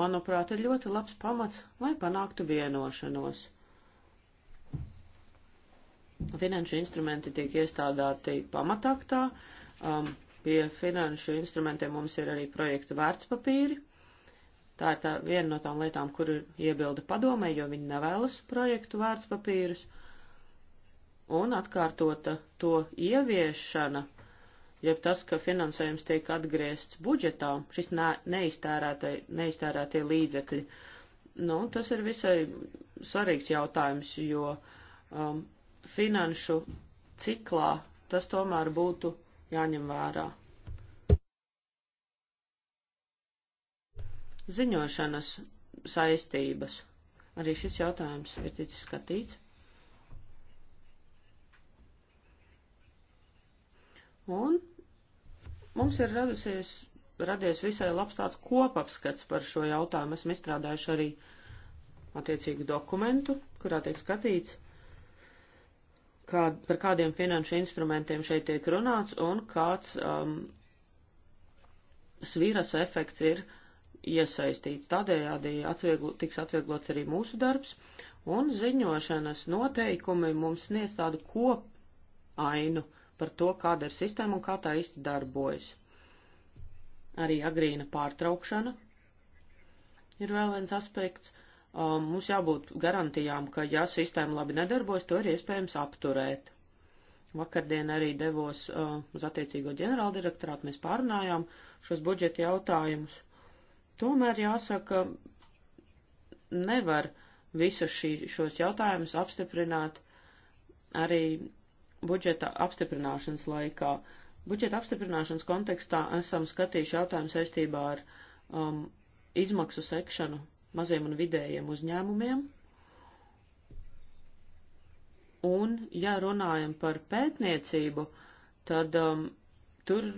manuprāt, ir ļoti labs pamats, lai panāktu vienošanos. Finanšu instrumenti tiek iestādāti pamataktā. Um, pie finanšu instrumentiem mums ir arī projekta vērtspapīri. Tā ir tā viena no tām lietām, kur ir iebilda padomē, jo viņi nevēlas projektu vērtspapīrus. Un atkārtota to ieviešana, ja tas, ka finansējums tiek atgriezts budžetā, šis neiztērētie līdzekļi, nu, tas ir visai svarīgs jautājums, jo um, finanšu ciklā tas tomēr būtu jāņem vērā. Ziņošanas saistības. Arī šis jautājums ir ticis skatīts. Un mums ir radusies, radies visai labs tāds kopapskats par šo jautājumu. Esmu izstrādājuši arī attiecīgu dokumentu, kurā tiek skatīts kā, par kādiem finanšu instrumentiem šeit tiek runāts un kāds um, sviras efekts ir iesaistīts. Tādējādi atvieglo, tiks atvieglots arī mūsu darbs, un ziņošanas noteikumi mums sniedz tādu kopainu par to, kāda ir sistēma un kā tā īsti darbojas. Arī agrīna pārtraukšana ir vēl viens aspekts. Uh, um, mums jābūt garantijām, ka, ja sistēma labi nedarbojas, to ir iespējams apturēt. Vakardien arī devos uh, uz attiecīgo ģenerāldirektorātu, mēs pārunājām šos budžeta jautājumus. Tomēr jāsaka, nevar visus šos jautājumus apstiprināt arī budžeta apstiprināšanas laikā. Budžeta apstiprināšanas kontekstā esam skatījuši jautājumu saistībā ar um, izmaksu sekšanu maziem un vidējiem uzņēmumiem. Un, ja runājam par pētniecību, tad um, tur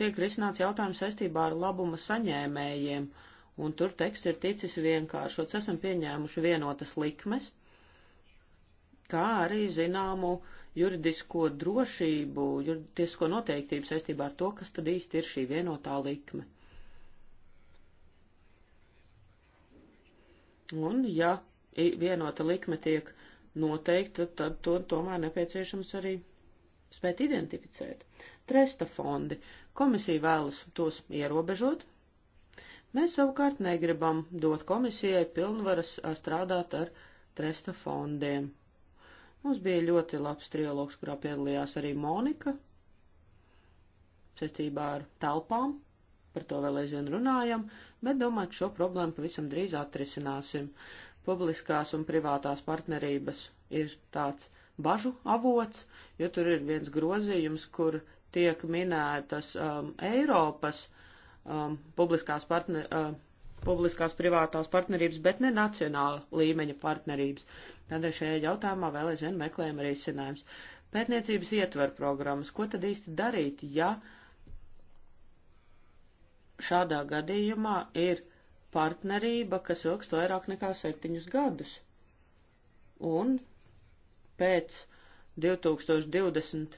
tiek risināts jautājums saistībā ar labuma saņēmējiem, un tur teksts ir ticis vienkāršots. Esam pieņēmuši vienotas likmes, kā arī zināmu juridisko drošību, juridisko noteiktību saistībā ar to, kas tad īsti ir šī vienotā likme. Un, ja vienota likme tiek noteikta, tad to tomēr nepieciešams arī spēt identificēt. Tresta fondi. Komisija vēlas tos ierobežot. Mēs savukārt negribam dot komisijai pilnvaras strādāt ar tresta fondiem. Mums bija ļoti labs trialogs, kurā piedalījās arī Monika, saistībā ar telpām, par to vēl aizvien runājam, bet domāju, ka šo problēmu pavisam drīz atrisināsim. Publiskās un privātās partnerības ir tāds bažu avots, jo tur ir viens grozījums, kur tiek minētas um, Eiropas um, publiskās, partner, uh, publiskās privātās partnerības, bet ne nacionāla līmeņa partnerības. Tādēļ šajā jautājumā vēl aizvien meklējam risinājums. Pētniecības ietver programmas. Ko tad īsti darīt, ja uh, šādā gadījumā ir partnerība, kas ilgst vairāk nekā septiņus gadus. Un pēc 2022.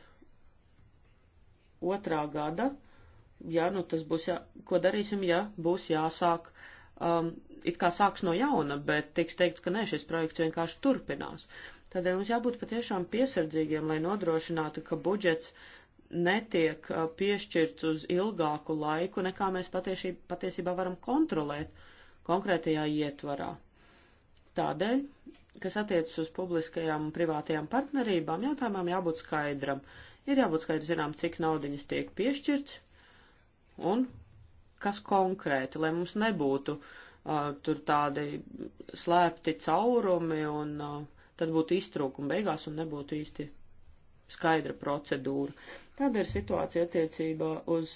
gada, ja nu tas būs, jā, ko darīsim, ja būs jāsāk, um, it kā sāks no jauna, bet tiks teikts, ka nē, šis projekts vienkārši turpinās. Tādēļ mums jābūt patiešām piesardzīgiem, lai nodrošinātu, ka budžets uh, netiek piešķirts uz ilgāku laiku, nekā mēs patiešī, patiesībā varam kontrolēt konkrētajā ietvarā. Tādēļ, kas attiecas uz publiskajām un privātajām partnerībām, jautājumam jābūt skaidram. Ir jābūt skaidrs, zinām, cik naudiņas tiek piešķirts un kas konkrēti, lai mums nebūtu uh, tur tādi slēpti caurumi un uh, tad būtu iztrūkumi beigās un nebūtu īsti skaidra procedūra. Tāda ir situācija attiecībā uz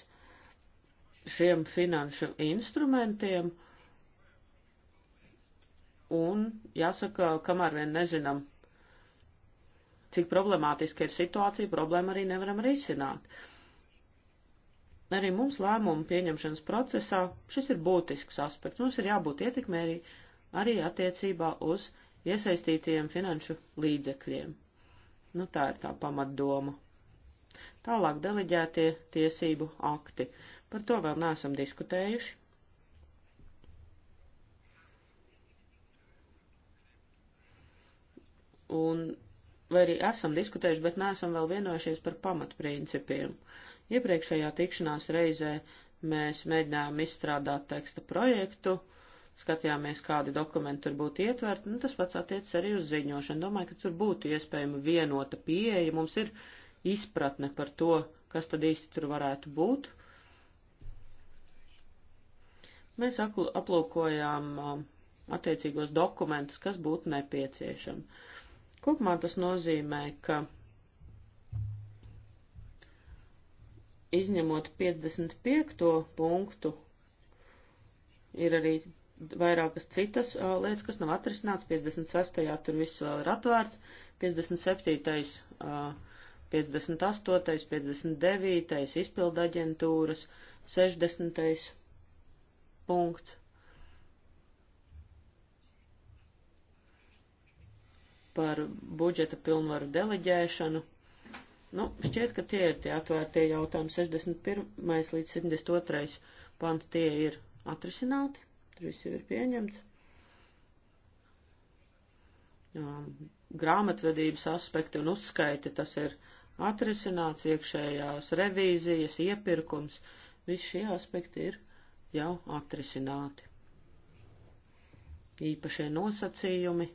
šiem finanšu instrumentiem. Un jāsaka, kamēr vien nezinām, cik problemātiska ir situācija, problēma arī nevaram risināt. Arī mums lēmumu pieņemšanas procesā šis ir būtisks aspekts. Mums ir jābūt ietekmē arī, arī attiecībā uz iesaistītajiem finanšu līdzekļiem. Nu, tā ir tā pamatdoma. Tālāk deleģētie tiesību akti. Par to vēl neesam diskutējuši. Un vai arī esam diskutējuši, bet neesam vēl vienojušies par pamatprincipiem. Iepriekšējā tikšanās reizē mēs mēģinājām izstrādāt teksta projektu, uh, skatījāmies, kādi dokumenti tur būtu ietverti, nu, tas pats attiecas arī uz ziņošanu. Domāju, ka tur būtu iespējama vienota pieeja, mums ir izpratne par to, kas tad īsti tur varētu būt. Mēs aplūkojām um, attiecīgos dokumentus, kas būtu nepieciešami. Kopumā tas nozīmē, ka izņemot 55. punktu, ir arī vairākas citas uh, lietas, kas nav atrisināts. 56. tur viss vēl ir atvērts, 57. Uh, 58. 59. izpilda aģentūras, 60. punkts. par budžeta pilnvaru deleģēšanu. Nu, šķiet, ka tie ir tie atvērtie jautājumi. 61. līdz 72. pants tie ir atrisināti. Tur viss jau ir pieņemts. Um, grāmatvedības aspekti un uzskaiti tas ir atrisināts, iekšējās revīzijas, iepirkums, visi šie aspekti ir jau atrisināti. Īpašie nosacījumi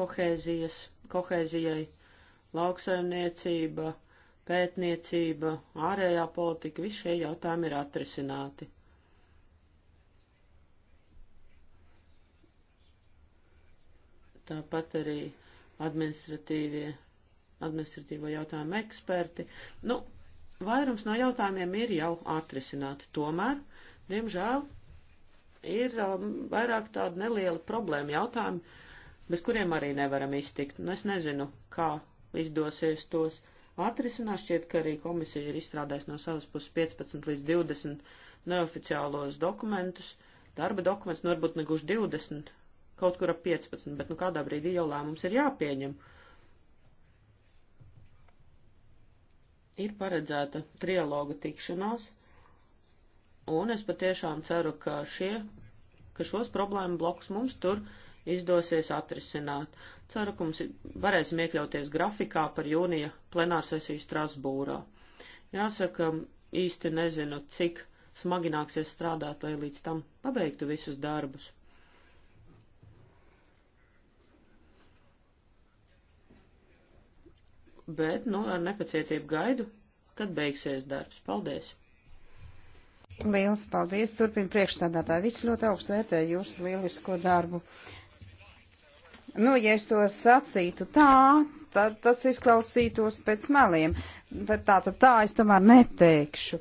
kohēzijas, kohēzijai, lauksaimniecība, pētniecība, ārējā politika, visi šie jautājumi ir atrisināti. tāpat arī administratīvie, administratīvo jautājumu eksperti. Nu, vairums no jautājumiem ir jau atrisināti, tomēr, diemžēl, ir um, vairāk tāda neliela problēma jautājumi, bez kuriem arī nevaram iztikt. Un nu, es nezinu, kā izdosies tos atrisināt. Šķiet, ka arī komisija ir izstrādājusi no savas puses 15 līdz 20 neoficiālos dokumentus, darba dokumentus, nu varbūt neguši 20, kaut kur ap 15, bet nu kādā brīdī jau lēmums ir jāpieņem. Ir paredzēta trialoga tikšanās, un es patiešām ceru, ka, šie, ka šos problēmu blokus mums tur izdosies atrisināt. Ceru, ka mums varēsim iekļauties grafikā par jūnija plenārsesiju Strasbūrā. Jāsaka, īsti nezinu, cik smagi nāksies strādāt, lai līdz tam pabeigtu visus darbus. bet, nu, ar nepacietību gaidu, kad beigsies darbs. Paldies! Liels paldies! Turpin priekšstādātāji. Viss ļoti augstu vērtē jūsu lielisko darbu. Nu, ja es to sacītu tā, tad tas izklausītos pēc meliem. Tad tā, tad tā es tomēr neteikšu.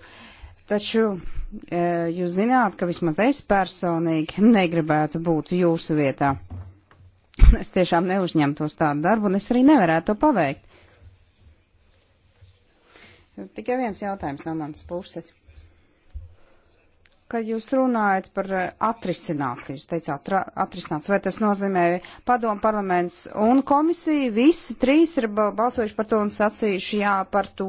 Taču e, jūs zināt, ka vismaz es personīgi negribētu būt jūsu vietā. Es tiešām neuzņemtos tādu darbu, un es arī nevarētu to paveikt. Tikai viens jautājums no manas puses. Kad jūs runājat par eh, atrisināts, ka jūs teicāt atrisināts, vai tas nozīmē padomu parlaments un komisija, visi trīs ir balsojuši par to un sacījuši jā par to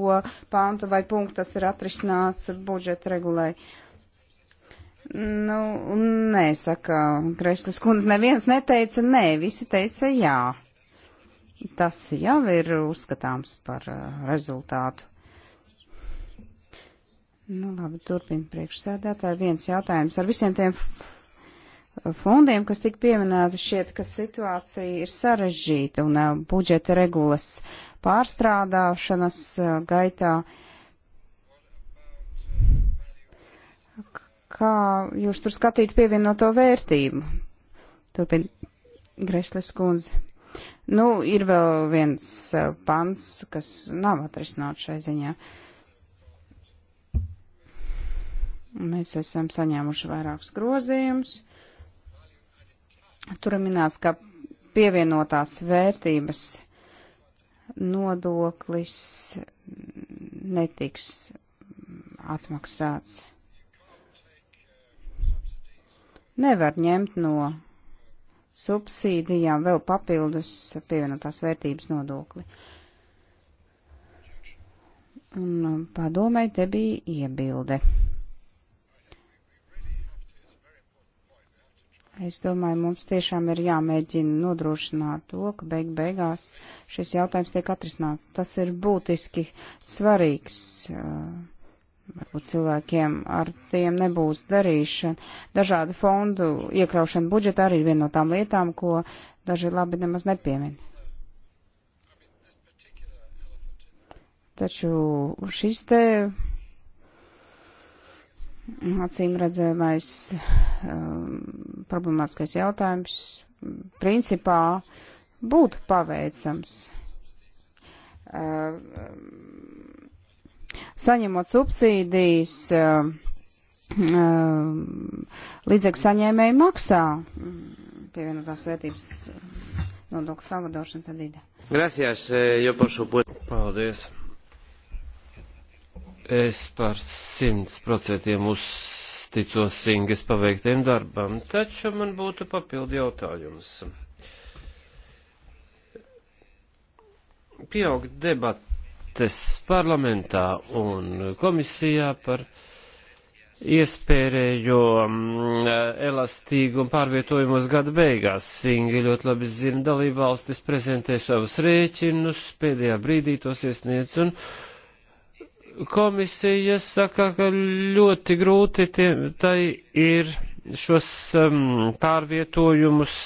pāntu vai punktu, tas ir atrisināts budžeta regulēji. Nu, nē, saka Kreslis kundze, neviens neteica nē, visi teica jā. Tas jau ir uzskatāms par eh, rezultātu. Nu, labi, turpina priekšsēdētāji. Viens jautājums ar visiem tiem fondiem, kas tik pieminēti, šķiet, ka situācija ir sarežģīta un uh, budžeta regulas pārstrādāšanas uh, gaitā. Kā jūs tur skatītu pievienoto vērtību? Turpin Greslis kundze. Nu, ir vēl viens uh, pants, kas nav atrisināts šai ziņā. Uh, Mēs esam saņēmuši vairākus grozījumus. Tur minēts, ka pievienotās vērtības nodoklis netiks atmaksāts. Nevar ņemt no subsīdijām vēl papildus pievienotās vērtības nodokli. Un um, padomē te bija iebilde. Es domāju, mums tiešām ir jāmēģina nodrošināt to, ka beig beigās šis jautājums tiek atrisināts. Tas ir būtiski svarīgs. Varbūt cilvēkiem ar tiem nebūs darīšana. Dažādu fondu iekļaušana budžetā arī ir viena no tām lietām, ko daži labi nemaz nepiemin. Taču šis te acīm redzamais um, problemātiskais jautājums principā būtu paveicams. Uh, saņemot subsīdijas, uh, uh, līdzekļu saņēmēji maksā mm, pievienotās vērtības nodokļu savadošana tad ir. Gracias, jo eh, por supuesto. Paldies. Es par simts procentiem uzticos Singas paveiktiem darbam, taču man būtu papildi jautājums. Pieaug debates parlamentā un komisijā par iespēju mm, elastīgumu pārvietojumos gada beigās. Singi ļoti labi zina, dalībvalstis prezentē savus rēķinus, pēdējā brīdī tos iesniedz un komisija saka, ka ļoti grūti tie, tai ir šos um, pārvietojumus,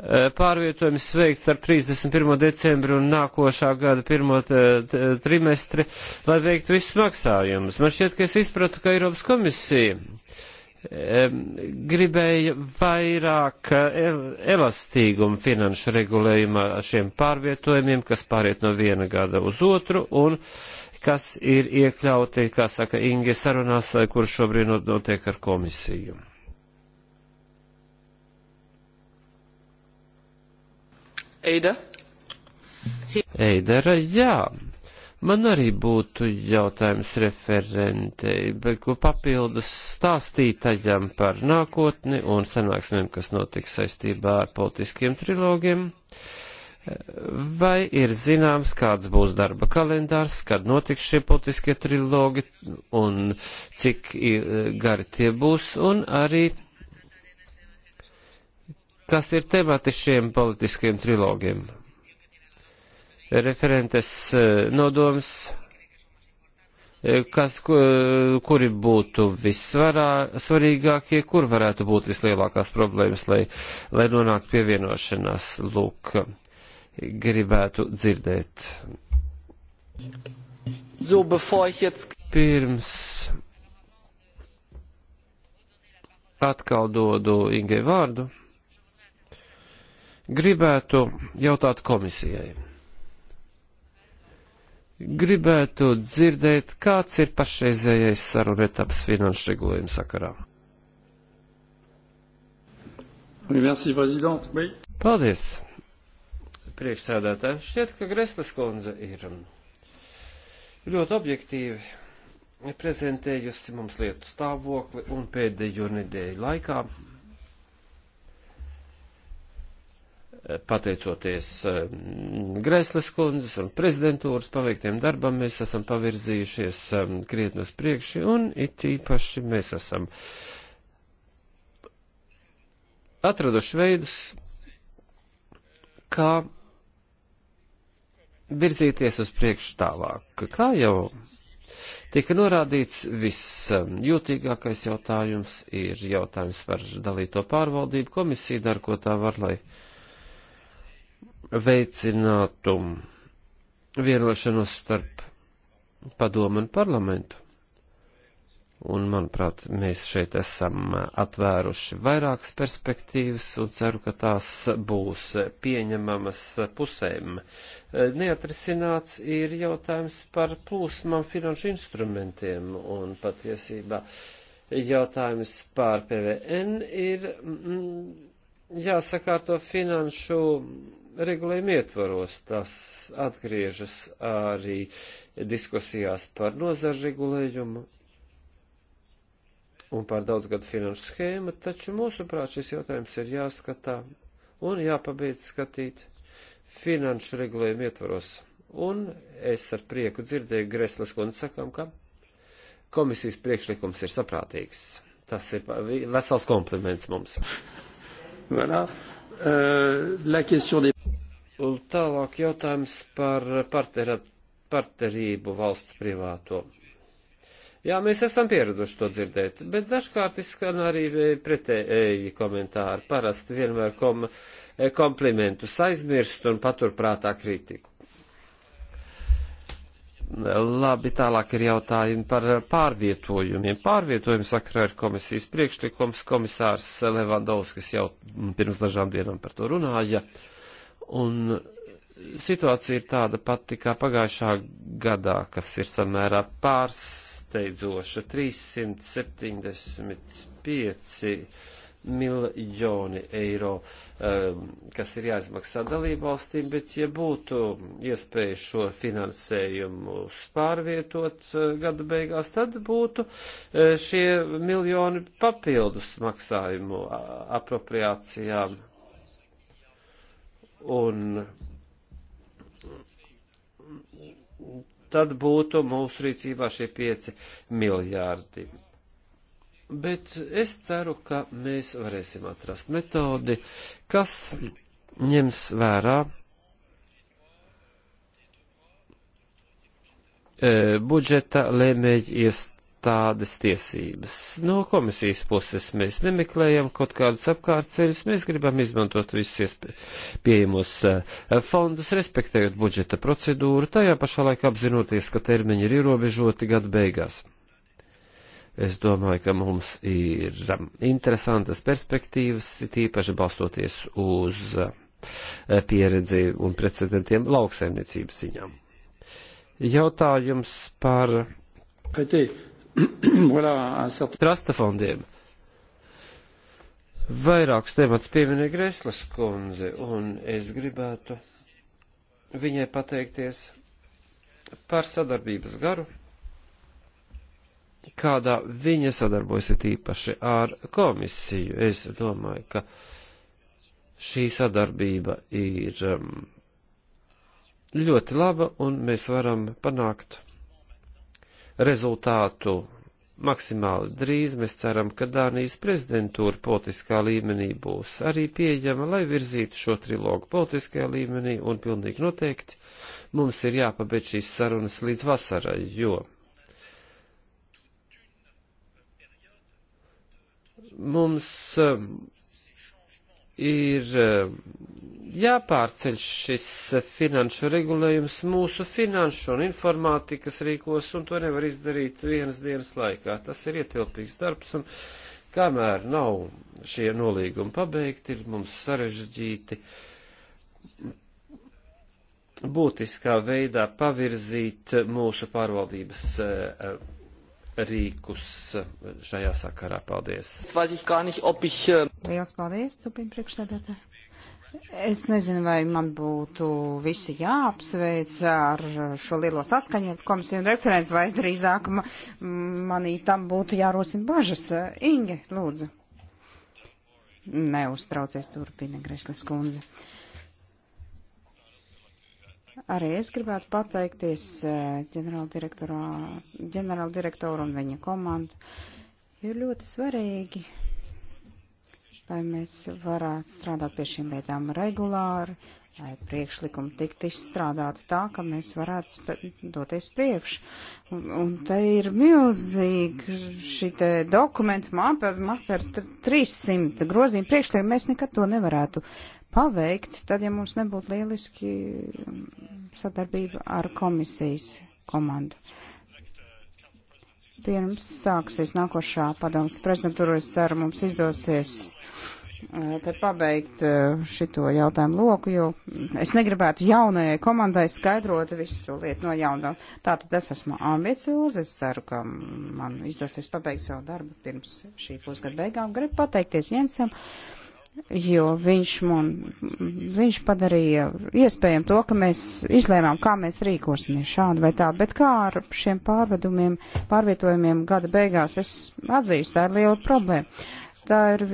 eh, pārvietojumus veikts ar 31. decembru un nākošā gada pirmo trimestri, lai veiktu visus maksājumus. Man šķiet, ka es izpratu, ka Eiropas komisija uh, gribēja vairāk eh, elastīgumu finanšu regulējumā šiem pārvietojumiem, kas pāriet no viena gada uz otru un kas ir iekļauti, kā saka Inge, sarunās, eh, kur šobrīd notiek ar komisiju. Eida? Eidera, jā. Man arī būtu jautājums referentei, bet ko papildus stāstītajam par nākotni un sanāksmēm, kas notiks saistībā ar politiskiem trilogiem. Vai ir zināms, kāds būs darba kalendārs, kad notiks šie politiskie trilogi un cik gari tie būs, un arī kas ir temati šiem politiskiem trilogiem? referentes eh, nodoms, eh, kas, eh, kuri būtu vissvarīgākie, kur varētu būt vislielākās problēmas, lai, lai nonāktu pie vienošanās. Lūk, gribētu dzirdēt. So, bevor ich jetzt pirms atkal dodu Ingai vārdu, gribētu jautāt komisijai. Gribētu dzirdēt, kāds ir pašreizējais sarunu etapas finanšu regulējuma sakarā. Merci, oui. Paldies, priekšsēdētāji. Šķiet, ka Greslis kundze ir um, ļoti objektīvi prezentējusi mums lietu stāvokli un pēdējo nedēļu laikā pateicoties eh, Gresles kundzes un prezidentūras paveiktiem darbam, mēs esam pavirzījušies eh, krietni uz priekšu un it īpaši mēs esam atraduši veidus, kā virzīties uz priekšu tālāk. Kā jau tika norādīts, visjūtīgākais jautājums ir jautājums par dalīto pārvaldību. Komisija dara, ko tā var, lai veicinātu vienošanos starp padomu un parlamentu. Un, manuprāt, mēs šeit esam atvēruši vairākas perspektīvas un ceru, ka tās būs pieņemamas pusēm. Neatrisināts ir jautājums par plūsmām finanšu instrumentiem un patiesībā jautājums par PVN ir mm, jāsakārto finanšu regulējuma ietvaros. Tas atgriežas arī diskusijās par nozaru regulējumu un par daudzgadu finanšu schēmu, taču mūsuprāt šis jautājums ir jāskatā un jāpabeidz skatīt finanšu regulējumu ietvaros. Un es ar prieku dzirdēju Greslas kundzi sakām, ka komisijas priekšlikums ir saprātīgs. Tas ir vesels kompliments mums. Voilà. Euh, la question des Un tālāk jautājums par partnera, partnerību valsts privāto. Jā, mēs esam pieraduši to dzirdēt, bet dažkārt izskan arī pretēji komentāri. Parasti vienmēr kom, komplimentus aizmirst un paturprātā kritiku. Labi, tālāk ir jautājumi par pārvietojumiem. Pārvietojumu sakarā ir komisijas priekšlikums. Komisārs Levandovskis jau pirms dažām dienām par to runāja. Ja Un situācija ir tāda pati kā pagājušā gadā, kas ir samērā pārsteidzoša - 375 miljoni eiro, um, kas ir jāizmaksā dalībvalstīm, bet ja būtu iespēja šo finansējumu pārvietot uh, gada beigās, tad būtu uh, šie miljoni papildus maksājumu apropriācijām Un tad būtu mūsu rīcībā šie 5 miljārdi. Bet es ceru, ka mēs varēsim atrast metodi, kas ņems vērā e, budžeta lēmēji iestādes tādas tiesības. No komisijas puses mēs nemeklējam kaut kādus apkārtceļus, mēs gribam izmantot visus pieejamos eh, fondus, respektējot budžeta procedūru, tajā pašā laikā apzinoties, ka termiņi ir ierobežoti gada beigās. Es domāju, ka mums ir um, interesantas perspektīvas, tīpaši balstoties uz eh, pieredzi un precedentiem lauksaimniecības ziņām. Jautājums par voilà, certain... Trasta fondiem. Vairākus temats pieminēja Greslas kundze, un es gribētu viņai pateikties par sadarbības garu, kādā viņa sadarbojas īpaši ar komisiju. Es domāju, ka šī sadarbība ir um, ļoti laba, un mēs varam panākt rezultātu maksimāli drīz. Mēs ceram, ka Dānijas prezidentūra politiskā līmenī būs arī pieejama, lai virzītu šo trilogu politiskajā līmenī, un pilnīgi noteikti mums ir jāpabeidz šīs sarunas līdz vasarai, jo mums um, ir eh, jāpārceļ šis finanšu regulējums mūsu finanšu un informātikas rīkos, un to nevar izdarīt vienas dienas laikā. Tas ir ietilpīgs darbs, un kamēr nav šie nolīgumi pabeigti, ir mums sarežģīti būtiskā veidā pavirzīt mūsu pārvaldības eh, rīkus šajā sakarā. Paldies! Äh, Lielas paldies, tupim priekšsēdētāji! Es nezinu, vai man būtu visi jāapsveic ar šo lielo saskaņu ar komisiju un referentu, vai drīzāk ma manī tam būtu jārosina bažas. Inge, lūdzu. Neuztraucies, turpina Greslis kundze. Uh, Arī es gribētu pateikties eh, ģenerāldirektoru un viņa komandu. Ir ļoti svarīgi, lai mēs varētu strādāt pie šīm lietām regulāri, lai priekšlikumi tiktu izstrādāti tā, ka mēs varētu doties priekš. Un, un te ir milzīgi šī dokumenta mapa, mapa ar 300 grozījumu priekšlikumu. Mēs nekad to nevarētu paveikt, tad, ja mums nebūtu lieliski um, sadarbība ar komisijas komandu. Pirms sāksies nākošā padomas prezidentūra, es ceru, mums izdosies uh, tad pabeigt uh, šito jautājumu loku, jo es negribētu jaunajai komandai skaidrot visu to lietu no jauna. Tātad es esmu ambiciozi, es ceru, ka man izdosies pabeigt savu darbu pirms šī pusgada beigām. Gribu pateikties Jensam. Uh, jo viņš, mun, viņš padarīja iespējam to, ka mēs izlēmām, kā mēs rīkosimies šādi vai tā, bet kā ar šiem pārvedumiem, pārvietojumiem gada beigās, es atzīstu, tā ir liela problēma. Tā ir,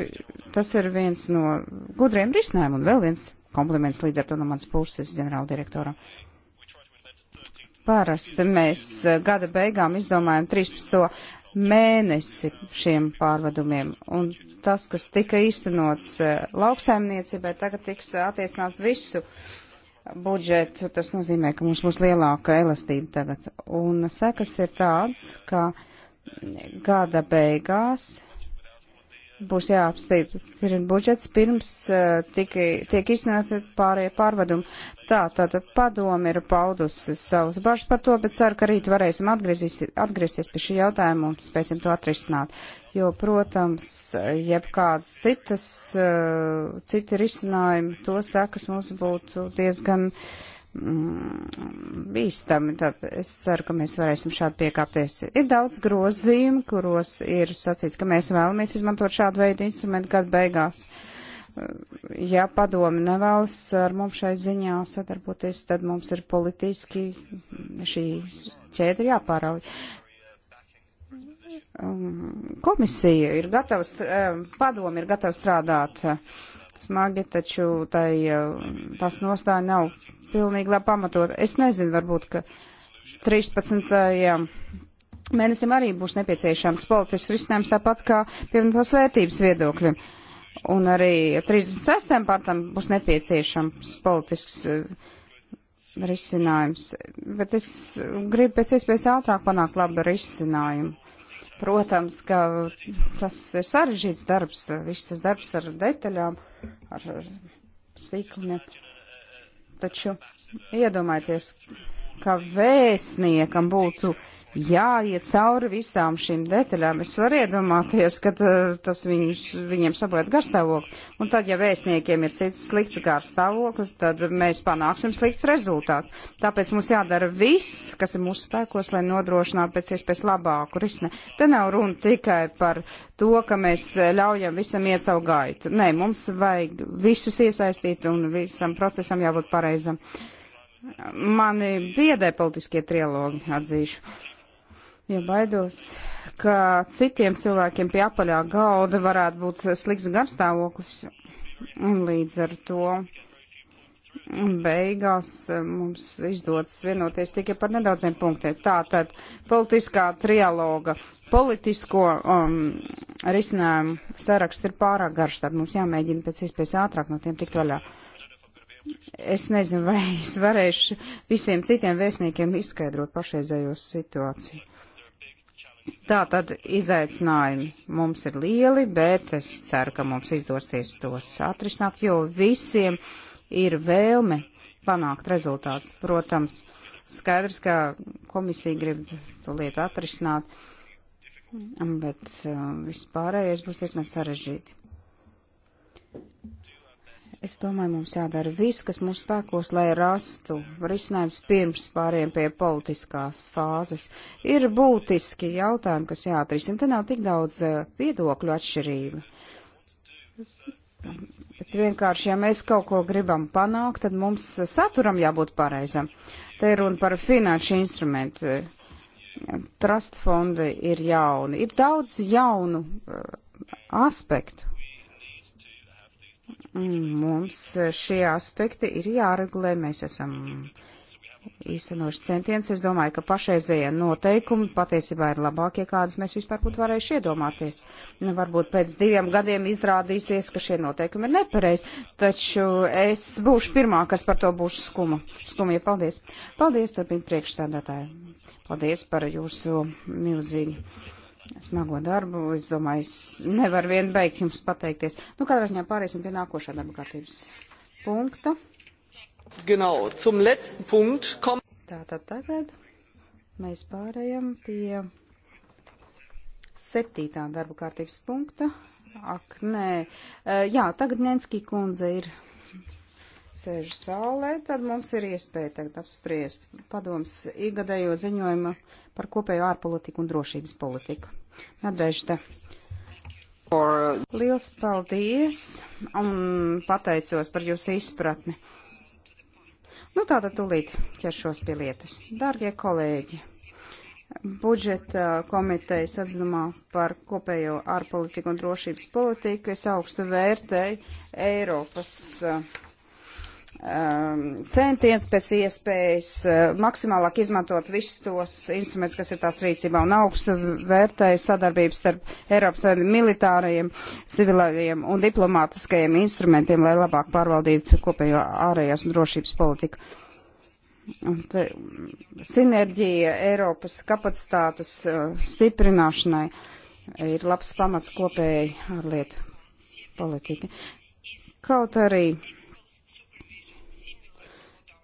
tas ir viens no gudriem risinājumiem un vēl viens kompliments līdz ar to no manas puses ģenerāldirektoram. Parasti mēs eh, gada beigām izdomājam 13. mēnesi šiem pārvadumiem, un tas, kas tika īstenots e, lauksaimniecībai, tagad tiks e, attiecināts visu budžetu. Tas nozīmē, ka mums būs lielāka elastība tagad. Un sekas ir tāds, ka gada beigās būs jāapstiprina budžets pirms uh, e, tika, tiek izsnēta pārējie pārvadumi. Tā, tad padomi ir paudusi savas bažas par to, bet ceru, ka rīt varēsim atgriezties, atgriezties pie šī jautājuma un spēsim to atrisināt jo, protams, jebkādas citas, eh, citi risinājumi, to sekas mums būtu diezgan mm, bīstami. Tad es ceru, ka mēs varēsim šādi piekāpties. Ir daudz grozījumu, kuros ir sacīts, ka mēs vēlamies izmantot šādu veidu instrumentu gadu beigās. Eh, ja padomi nevēlas ar mums šai ziņā sadarboties, tad mums ir politiski šī ķēde jāpārauj. Um, komisija ir gatava, um, padomi ir gatava strādāt uh, smagi, taču tai, um, tās nostāja nav pilnīgi labi pamatot. Es nezinu, varbūt, ka 13. mēnesim arī būs nepieciešams politisks risinājums tāpat kā pievienotās vērtības viedokļiem. Un arī 36. partam būs nepieciešams politisks uh, risinājums. Bet es gribu pēc iespējas ātrāk panākt labu risinājumu. Protams, ka tas ir sarežģīts darbs, viss tas darbs ar detaļām, ar sīkumiem. Taču iedomājieties, ka vēstniekam būtu jāiet cauri visām šīm detaļām. Es varu iedomāties, ka uh, tas viņus, viņiem sabojāt garstāvokli. Un tad, ja vēstniekiem ir slikts garstāvoklis, tad mēs panāksim slikts rezultāts. Tāpēc mums jādara viss, kas ir mūsu spēkos, lai nodrošinātu pēc iespējas labāku risne. Te nav runa tikai par to, ka mēs uh, ļaujam visam iet savu gaitu. Nē, mums vajag visus iesaistīt un visam procesam jābūt pareizam. Mani biedē politiskie trilogi, atzīšu jo ja baidos, ka citiem cilvēkiem pie apaļā galda varētu būt slikts garstāvoklis. Un līdz ar to beigās eh, mums izdodas vienoties tikai par nedaudziem punktiem. Tātad politiskā trialoga, politisko um, risinājumu saraksts ir pārāk garš, tad mums jāmēģina pēc iespējas ātrāk no tiem tikt vaļā. Es nezinu, vai es varēšu visiem citiem vēstniekiem izskaidrot pašreizējo situāciju. Tā tad izaicinājumi mums ir lieli, bet es ceru, ka mums izdosies tos atrisināt, jo visiem ir vēlme panākt rezultāts. Protams, skaidrs, ka komisija grib to lietu atrisināt, bet um, vispārējais būs diezgan sarežģīti. Es domāju, mums jādara viss, kas mūsu spēkos, lai rastu risinājums pirms pāriem pie politiskās fāzes. Ir būtiski jautājumi, kas jāatrisina. Te nav tik daudz eh, viedokļu atšķirība. Bet vienkārši, ja mēs kaut ko gribam panākt, tad mums eh, saturam jābūt pareizam. Te ir runa par finanšu instrumentu. Trust fondi ir jauni. Ir daudz jaunu eh, aspektu Mums eh, šie aspekti ir jāregulē. Mēs esam īstenoši centiens. Es domāju, ka pašreizējie noteikumi patiesībā ir labākie, kādas mēs vispār būtu varējuši iedomāties. Nu, varbūt pēc diviem gadiem izrādīsies, ka šie noteikumi ir nepareizi, taču es būšu pirmā, kas par to būšu skuma. Skumie, paldies. Paldies, turpina priekšstādātāji. Paldies par jūsu milzīgi smago darbu. Es domāju, es nevaru vien beigt jums pateikties. Nu, kādā ziņā pāriesim pie nākošā darba kārtības punkta. Genau, zum letzten Punkt kommt. Tātad tagad mēs pārējam pie septītā darba kārtības punkta. Ak, nē. Jā, tagad Nenskī kundze ir sēž saulē, tad mums ir iespēja tagad apspriest padoms igadējo ziņojumu par kopējo ārpolitiku un drošības politiku. Nadežda. Liels paldies un pateicos par jūsu izpratni. Nu, tātad tūlīt ķeršos pie lietas. Dārgie kolēģi, budžeta komitejas atzinumā par kopējo ārpolitiku un drošības politiku es augstu vērtēju Eiropas uh, Um, centiens pēc iespējas uh, maksimālāk izmantot visus tos instrumentus, kas ir tās rīcībā, un augstu vērtēju sadarbību starp Eiropas militārajiem, civilajiem un diplomātiskajiem instrumentiem, lai labāk pārvaldītu kopējo ārējās un drošības politiku. Un te, sinerģija Eiropas kapacitātes uh, stiprināšanai ir labs pamats kopēji ārlietu politikai. Kaut arī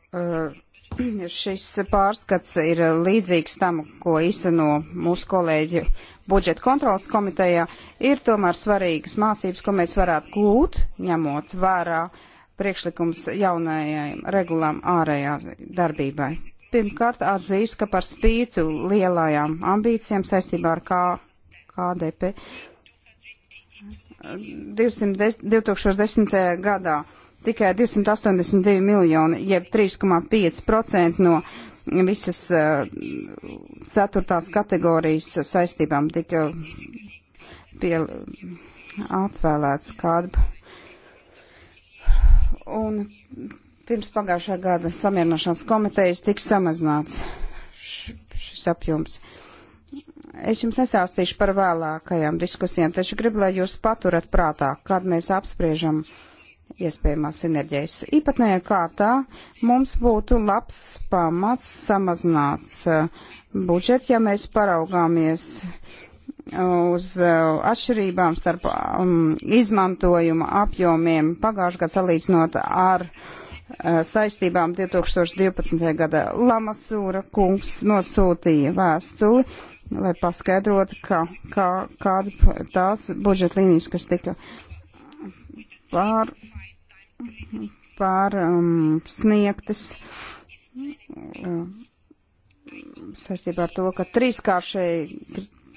Uh, šis pārskats ir līdzīgs tam, ko izsano mūsu kolēģi budžeta kontrolas komitejā, ir tomēr svarīgas mācības, ko mēs varētu gūt, ņemot vērā priekšlikums jaunajai regulām ārējā darbībai. Pirmkārt, atzīst, ka par spītu lielajām ambīcijām saistībā ar K, KDP 210, 2010. gadā tikai 282 miljoni, jeb 3,5% no visas eh, ceturtās kategorijas saistībām tika pie, atvēlēts kādu. Un pirms pagājušā gada samierināšanās komitejas tika samazināts šis apjoms. Es jums nesāstīšu par vēlākajām diskusijām, taču gribu, lai jūs paturat prātā, kad mēs apspriežam uh, iespējamās sinerģijas. Īpatnējā kārtā mums būtu labs pamats samazināt uh, budžetu, ja mēs paraugāmies uh, uz uh, atšķirībām starp um, izmantojuma apjomiem pagājušajā gadā salīdzinot ar uh, saistībām 2012. gada Lamasūra kungs nosūtīja vēstuli, lai paskaidrotu, ka, kā, kāda tās budžeta līnijas, kas tika pār pārsniegtas um, um, saistībā ar to, ka trīskāršai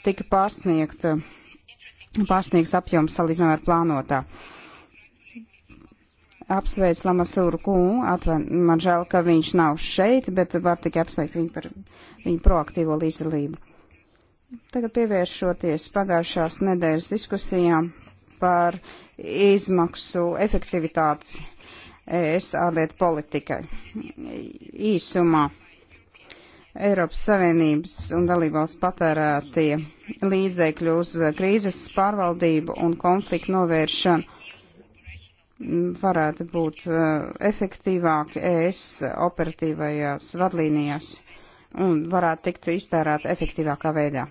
tika pārsniegta, pārsniegts apjoms salīdzinājumā ar plānotā. Apsveic Lamasūru kungu, atvain, man žēl, ka viņš nav šeit, bet var tikai apsveikt viņu par viņu proaktīvo līdzdalību. Tagad pievēršoties pagājušās nedēļas diskusijām par izmaksu efektivitāti ES ārlietu politikai. Īsumā Eiropas Savienības un dalībvalsts patērētie līdzekļi uz krīzes pārvaldību un konfliktu novēršanu varētu būt uh, efektīvāki ES operatīvajās vadlīnijās un varētu tikt iztērēt efektīvākā veidā.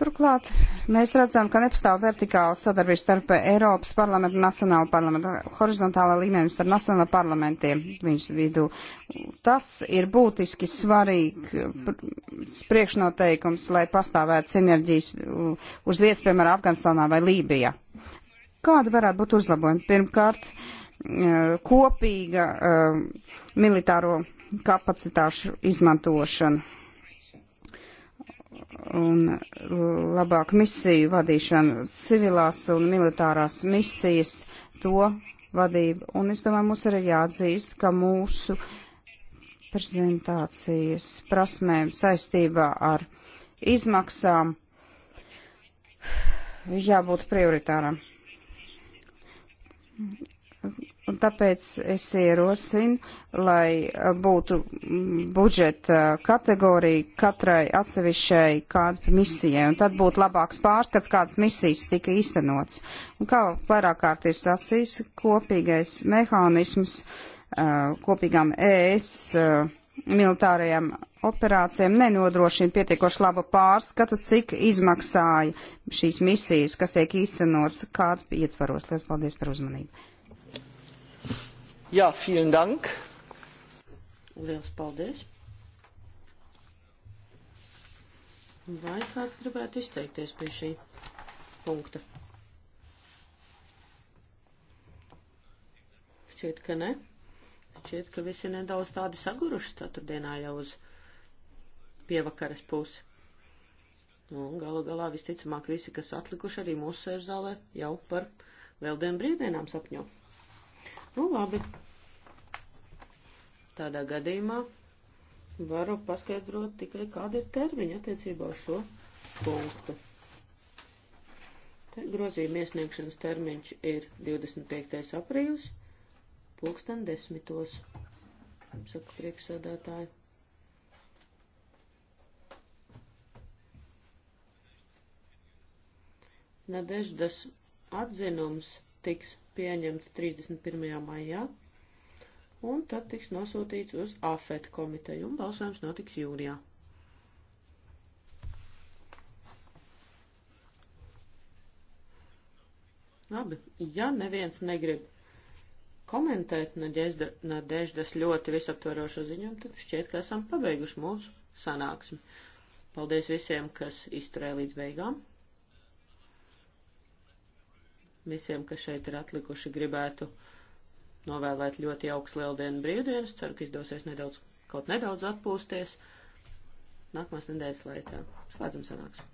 Turklāt mēs redzam, ka nepastāv vertikāla sadarbība starp Eiropas parlamentu un Nacionālo parlamentu, horizontālā līmenī starp Nacionālo parlamentiem viņas vidū. Tas ir būtiski svarīgs priekšnoteikums, lai pastāvētu sinerģijas uz vietas, piemēram, Afganistānā vai Lībijā. Kāda varētu būt uzlabojuma? Pirmkārt, e, kopīga e, militāro kapacitāšu izmantošana un labāk misiju vadīšanu, civilās un militārās misijas, to vadību. Un es domāju, mums arī jāatzīst, ka mūsu prezentācijas prasmēm saistībā ar izmaksām jābūt prioritāram. Un tāpēc es ierosinu, lai būtu budžeta kategorija katrai atsevišķai kādu misijai, un tad būtu labāks pārskats, kādas misijas tika īstenots. Un kā vairāk kārt ir sacījis, kopīgais mehānisms kopīgām ES militārajām operācijām nenodrošina pietiekoši labu pārskatu, cik izmaksāja šīs misijas, kas tiek īstenots kādu ietvaros. Lielas paldies par uzmanību! Jā, ja, vielen dank. Liels paldies. Vai kāds gribētu izteikties pie šī punkta? Šķiet, ka ne. Šķiet, ka visi nedaudz tādi saguruši ceturtdienā jau uz pievakaras pusi. Nu, un galu galā visticamāk visi, kas atlikuši arī mūsu sēžzālē, jau par vēl dienu brīvdienām sapņo. Nu, labi. Tādā gadījumā varu paskaidrot tikai, kāda ir termiņa attiecībā uz šo punktu. Te grozījuma iesniegšanas termiņš ir 25. aprīlis, pulksten desmitos, saka priekšsēdētāji. Nadeždas atzinums tiks pieņemts 31. maijā, un tad tiks nosūtīts uz AFET komiteju, un balsojums notiks jūnijā. Labi, ja neviens negrib komentēt Nadeždas ļoti visaptvarošo ziņojumu, tad šķiet, ka esam pabeiguši mūsu sanāksmi. Paldies visiem, kas izturēja līdz beigām. Visiem, kas šeit ir atlikuši, gribētu novēlēt ļoti jauks lieldienu brīvdienas. Ceru, ka izdosies nedaudz, kaut nedaudz atpūsties. Nākamās nedēļas laikā slēdzam sanāks.